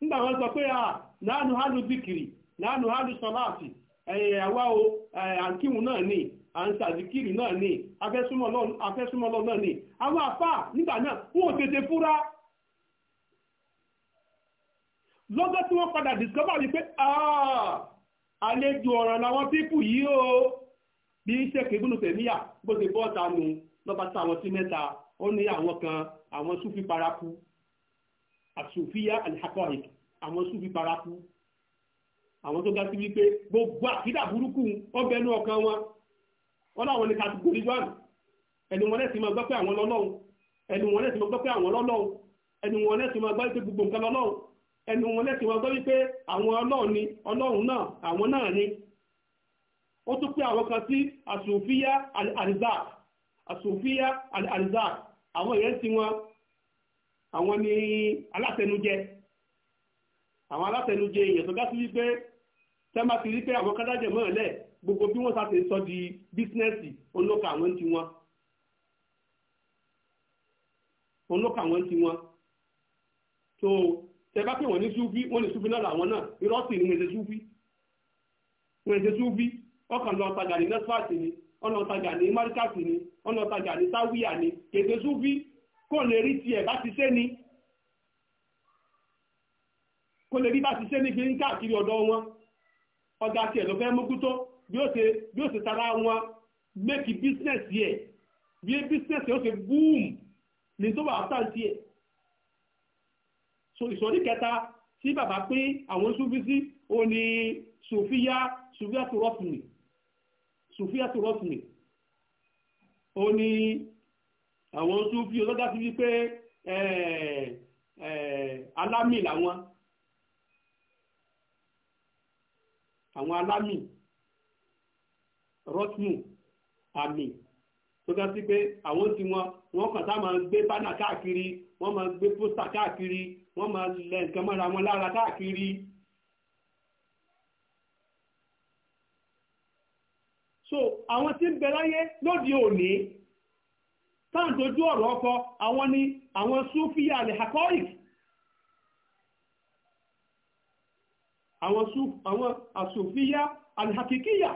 nígbà wọn sọ pé à láàánú hálù zikiri láàánú hálù sọláàtì ẹ̀yàwó àǹkíhùn náà ni àǹsàzikiri náà ni afẹ́súmọ́lọ́ náà ni àwọn àfà nígbà náà wọn ò tètè fúra lọ́jọ́ tí wọ́n padà discover wípé àlejò ọ̀ràn làwọn pípù yìí o bí sẹ́kì ìbúnú tẹ̀míyà bó ti bọ́ ta nù lọ́ba tí àwọn sí mẹ́ta ó ní àwọn kan àwọn para paraku àsòfíà alhakọ́hìk àwọn súnfì paraku àwọn tó ga sí wípé gbogbo àkídà burúkú ọbẹ̀nú ọkàn wọn wọn láwọn ní kàtìgórí wọn ẹnu wọn lẹ́sìn máa gbọ́ pé àwọn lọ́lọ́run ẹnu wọn lẹ́sìn máa gbọ́ pé àwọn lọ́lọ́run ẹnu wọn lẹ́sìn máa gbọ́ pé gbogbo nǹkan lọ́lọ́run ẹnu wọn lẹ́sìn máa gbọ́ wípé àwọn ọlọ́run ni ọlọ́run náà àwọn náà ni ó tún pé àwọn kan sí àsòfíà alhazak àsòfíà alhazak àwọn èèyàn ti wọn àwọn ni alátẹnujẹ àwọn alátẹnujẹ èèyàn tó dá sí wípé tẹ́mbà ti rí pé àwọn kádájẹ̀ mọ́ ẹ̀lẹ́ gbogbo bí wọ́n sá ti sọ di bísínẹ́sì olóka àwọn ti wọn olóka àwọn ti wọn tó tẹ́bá pé wọ́n ní súfí wọ́n ní súfí náà làwọn náà irọ́ sì ni wọ́n ṣe súfí wọ́n ṣe súfí ọkàn lọ tajà ní nẹ́sífàsì ni ọ̀nà tajà ní máríkàsì ni ọ̀nà tajà ní táwíyà ni kèké súfí kó lè rí tiẹ̀ bá ti ṣe ni kó lè rí bá ti ṣe ni gbé káàkiri ọ̀dọ̀ wọn ọjà tiẹ̀ ló fẹ́ mójútó bí ó ṣe bí ó ṣe tara wọn make business yẹ bí business yẹ ó ṣe boom ní tó wà áfà tiẹ̀ so ìsọ̀rí kẹta tí bàbá pé àwọn súnfí sí ó ní sòfíà sòfíà tó rọ́ọ̀fù mi sòfíà tó rọ́ọ̀fù mi ó ní àwọn tó fi ọlọ́dá sí wípé alámì làwọn àwọn alámì rọ́tmù àmì tó dá sí pé àwọn tí wọn wọn kàn sáà máa gbé bánà káàkiri wọn máa gbé pósítà káàkiri wọn máa lẹ nǹkan mọ́ra wọn lára káàkiri. so àwọn tí ń bẹ láyé lóde òní táwọn dojú ọ̀rọ̀ ọkọ àwọn ni àwọn súfíà lè Awọn àwọn àsòfíà alhakikiya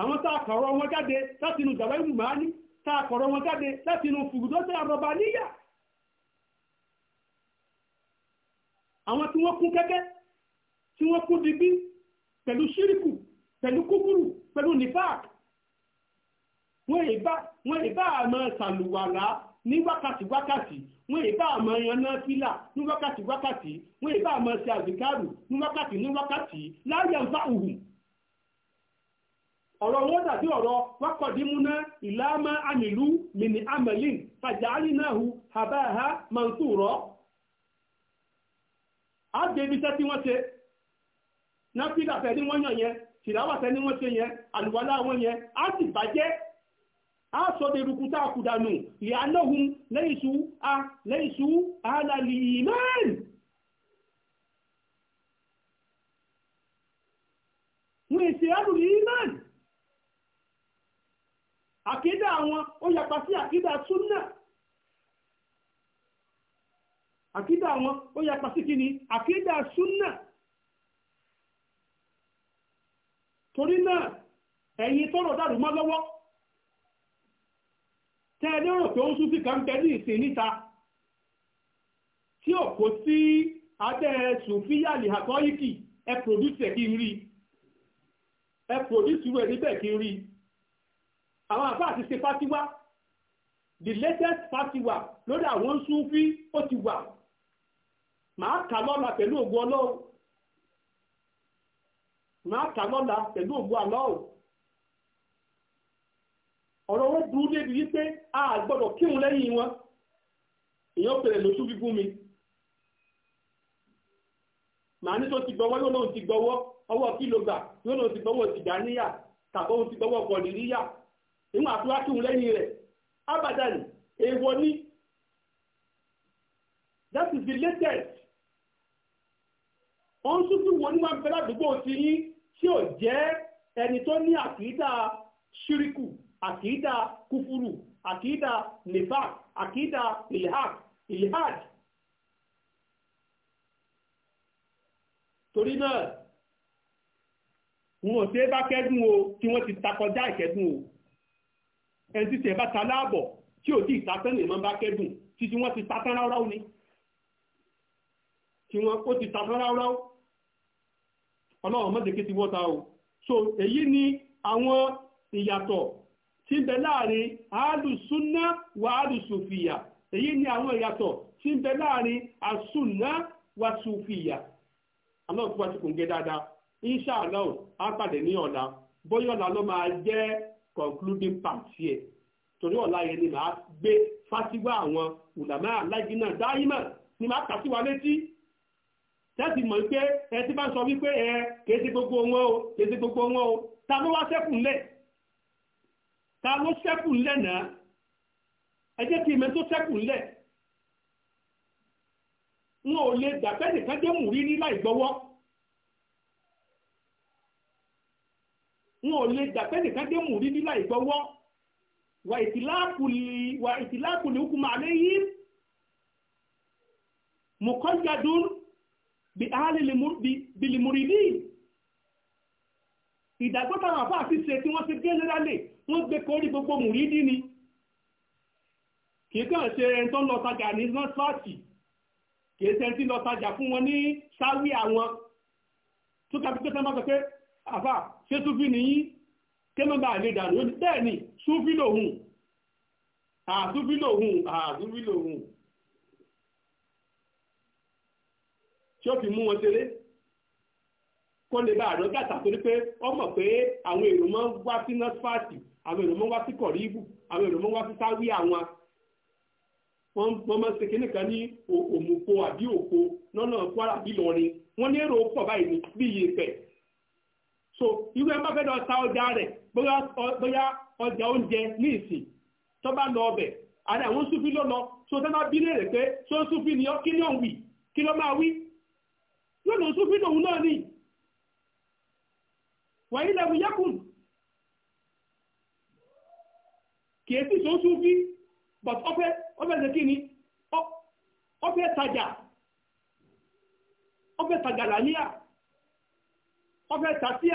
àwọn tààkọ̀rọ̀ wọn jáde láti inú dàwẹ́ ìmùmáàní tààkọ̀rọ̀ wọn jáde láti inú fùgùdọ́sẹ̀ àrọ̀bà níyà àwọn tí wọ́n kún kẹ́kẹ́ tí wọ́n kún digbí pẹ̀lú ṣíríkù pẹ̀lú kúkúrù pẹ̀lú nífàkì wọ́n ìbá àmọ́ saluwala ní wákàtí wákàtí wọ́n ama àmọ́ yanná fílà ní wákàtí wákàtí wọ́n ìbá àmọ́ ṣe àzìkárù ní wákàtí ní wákàtí láyé ń òhùn ọ̀rọ̀ wọn dàbí ọ̀rọ̀ wákọ̀dímúná ìlàmà àmìlú mìní àmàlìn fàjálínáhu àbáha mọ̀ntúrọ̀ á débi sẹ́ tí wọ́n ṣe náà fílà fẹ́ ní wọ́n yàn yẹn wọ́n ṣe yẹn wọn yẹn a sọ de rukuta akudanu ya annahum laysu a laysu ala liman wọ́n èsì alul iman àkídà àwọn ó si sí àkídà súnà àkídà àwọn ó yapa si kíni àkídà súnà torí náà ẹ̀yin tọ́rọ̀ dàrú mọ́ lọ́wọ́ tẹ́ ẹ lérò pé ó ń sún sí kan tẹ́lẹ̀ ìsìn níta tí ò kó sí abẹ́ sùfíyàlì àkọ́yíkì ẹ pòdúsì ẹ̀ kí n rí ẹ pòdúsì rẹ̀ níbẹ̀ kí n rí àwọn àbá àti ṣe fásiwá the latest fásiwá lórí àwọn ń sún fí ó ti wà màá kà lọ́la pẹ̀lú ògùn ọlọ́run kà lọ́la pẹ̀lú ọ̀rọ̀ wọn burú débi wípé a gbọ́dọ̀ kíhun lẹ́yìn wọn èèyàn pèrè lóṣù mi màá ní tó ti gbọ́wọ́ yóò lóun ti gbọ́wọ́ ọwọ́ kílógbà yóò lóun ti gbọ́wọ́ sìgá níyà tàbí òun ti gbọ́wọ́ kọ̀ọ̀lì níyà ìwọ̀n àtúrà lẹ́yìn rẹ̀ èèwọ̀ ni that is the latest tún fi wọ́n ní ti yín tí ò jẹ́ ẹni tó ní ṣíríkù àkìdá kúfúrù àkìdá nìfà àkìdá ilhad ilhad torí náà wọn ò ṣe é bá kẹ́dùn o tí wọ́n ti takọjá ìkẹ́dùn o ẹni tí tẹ̀ bá ta láàbọ̀ tí ò tí ì tatán lè máa bá kẹ́dùn títí wọ́n ti tatán ráúráú ni tí wọ́n ó ti tatán ráúráú ọlọ́run mọ́tẹ́kẹ́ ti wọ́ta o so èyí ni àwọn ìyàtọ̀ tí ń bẹ láàrin alùsúnná wà alùsùfìyà èyí ni àwọn ìyàtọ̀ tí ń bẹ láàrin àsùnná wà sùfìyà aláwọ̀ tó wá ti kò ń gẹ́ dáadáa inṣàlá ò á pàdé ní ọ̀la bóyá ọ̀la ló máa jẹ́ concluding part yẹ torí ọ̀la yẹn ni màá gbé fásiwá àwọn ulama alájínà dáímà ni màá kà sí wa létí tẹ́sí mọ̀ pé ẹ ti bá sọ wípé ẹ kèé ti gbogbo wọn o kèé ti gbogbo wọn o ta ló wá sẹ́kùn lẹ̀ ta ló ṣẹ́kù ńlẹ̀ náà ẹ jẹ́ kí ìmẹ́ tó ṣẹ́kù ńlẹ̀ wọn ò lè dàbẹ́ nìkan jẹ́ mùrí ní láì gbọ́wọ́ wọn ò lè dàbẹ́ nìkan jẹ́ mùrí ní láì gbọ́wọ́ wà ìtìláàkùlì hukuma alayhi mùkọ́jàdún bí ahálìlì múrídìí ìdájọ́ táwọn àbá àti ṣe tí wọ́n ti gbé lérálẹ̀ wọ́n gbé kórí gbogbo mùrídìí ni kì í kàn ṣe ẹni tó ń lọ tajà ní nọ́ọ̀sì kì í ṣe ẹni tí ń lọ tajà fún wọn ní sáwí àwọn tó kàbí pé sẹ́ńbà sọ pé àbá ṣé súfì nìyí kémọ́bà lè dànù ó ní bẹ́ẹ̀ ni súfì lòun àsúfì lòun àsúfì lòun tí ó fi mú wọn ṣeré kó lè bá àdán gàtà torí pé ó pé àwọn èrò mọ́ wá sí nọ́tífàtì àwọn èrò mọ́ wá sí kọ̀ríbù àwọn èrò mọ́ wá sí sáwí àwọn ṣe kínní kan ní òmùpo àbí òpo lọ́nà Kwara bí lọ́rin wọn ní èrò pọ̀ báyìí ní bí iye so irú ẹ bá fẹ́ lọ ọjà rẹ̀ bóyá ọjà oúnjẹ ní ìsìn tó bá lọ ọbẹ̀ àti àwọn so tó bá bí so ni kí ni wì kí ló máa wí yóò lọ wàyí lẹ́mu yẹ́kùn kìí sí sọ́sù so but ọfẹ́ ọfẹ́ ṣe ofe ni ọfẹ́ tajà ọfẹ́ tajà ofe ọfẹ́ ofe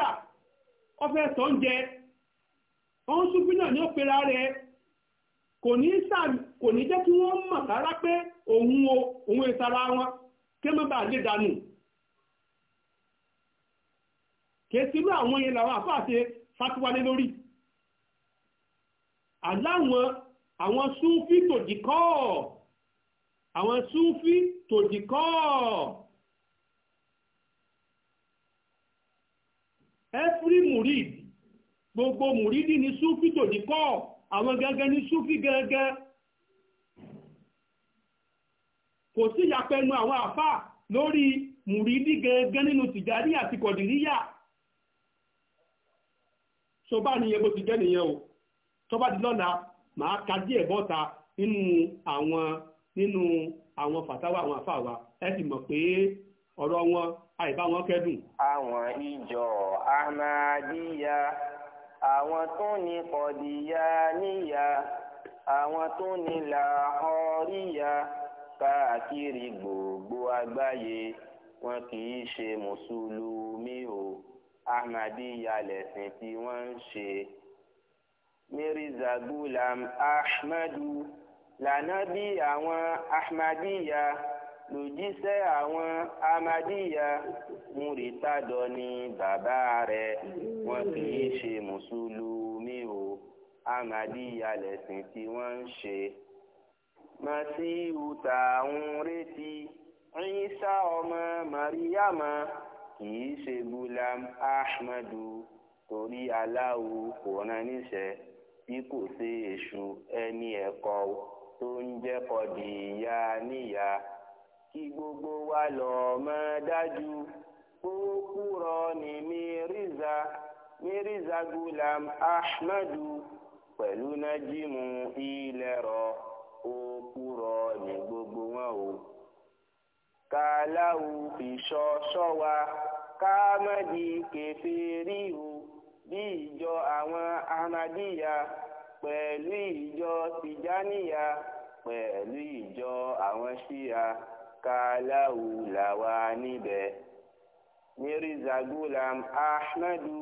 ọfẹ́ tọ́njẹ ọ̀hún súnfí náà ní pera rẹ̀ kò ní jẹ́ kí wọ́n mọ̀ rárá pé òun òun ìsara wọn kìí sínú àwọn yẹn làwọn àfáà ṣe fatiwálé lórí aláwọn àwọn súnfí tòdìkọ́ àwọn súnfí tòdìkọ́ every murid gbogbo mùrídì ní súnfí tòdìkọ́ àwọn gẹ́gẹ́ ní súnfí gẹ́gẹ́ kò sí ìyapẹnu àwọn àfáà lórí mùrídì gẹ́gẹ́ nínú tìjárí àti kọ̀dìríyà so bá nìyẹn bó ti jẹ́ nìyẹn o tó bá di lọ́la màá ka díẹ̀ bọ́ta nínú àwọn nínú àwọn fàtàwà àwọn àfàwà ẹ sì mọ̀ pé ọ̀rọ̀ wọn àìbá wọn kẹ́dùn. àwọn ìjọ ahmadiyya àwọn tó ní kọdíyà níyà àwọn tó ní làhọríyà káàkiri gbogbo àgbáyé wọn kì í ṣe mùsùlùmí o. ahmadiyya lẹ̀sìn tí wọ́n ń ṣe. mirza gulam ahmadu lànábì àwọn ahmadiyya lòjíṣẹ́ àwọn ahmadiyya múritádọ́ ni bàbá rẹ̀ wọ́n kì í ṣe mùsùlùmí o ahmadiyya lẹ̀sìn tí wọ́n ń ṣe. masihu tá ń retí Ìsá ọmọ màríyàmá kì í ṣe gulam ahmadu torí aláwo kò rán níṣẹ́ bí kò ṣe èṣù ẹni ẹ̀kọ́ tó ń jẹ́ kọdìyà níyà kí gbogbo wa lọ mọ̀ dájú ó kúrọ ní mírízà mírízà gulam ahmadu pẹ̀lú nájímù ilẹ̀rọ ó kúrọ ní gbogbo wọn o kàláwù fi ṣọ́ ṣọ́ wa ká má di kèfèrí o bí ìjọ àwọn ahmadíyà pẹ̀lú ìjọ tìjáníyà pẹ̀lú ìjọ àwọn ṣíya kàláwù làwa níbẹ̀. mirza gulam ahmadu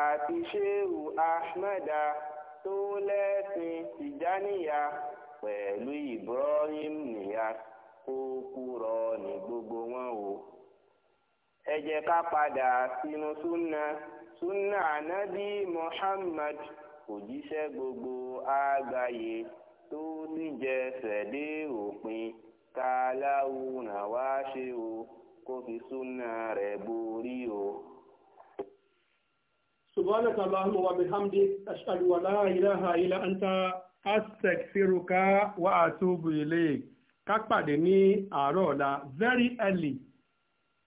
àti sheu ahmada tó lẹ́sìn tìjáníyà pẹ̀lú ibrahim niyas ó kúrò ní gbogbo wọn o ẹ jẹ́ ká padà sínú súnà súnà ànábì Muhammad òjíṣẹ́ gbogbo àgbáyé tó sì jẹsẹ̀ dé òpin ká láwùrán wá ṣe o kó fi súnà rẹ̀ borí o. سبحانك اللهم وبحمدك أشهد أن إله إلا أنت أستغفرك وأتوب إليك ká pàdé ní àárọ̀ very early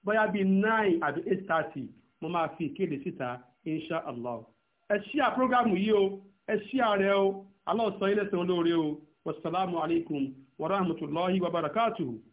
bóyá bíi nine àbí eight thirty mo máa fi ìkéde síta insha allah ẹ ṣíà prógámù yìí o ẹ ṣíà rẹ o Allah sọ ilé sẹ́wọ́n lóore o wasalaamu wa rahmatulahi wa barakatuhu.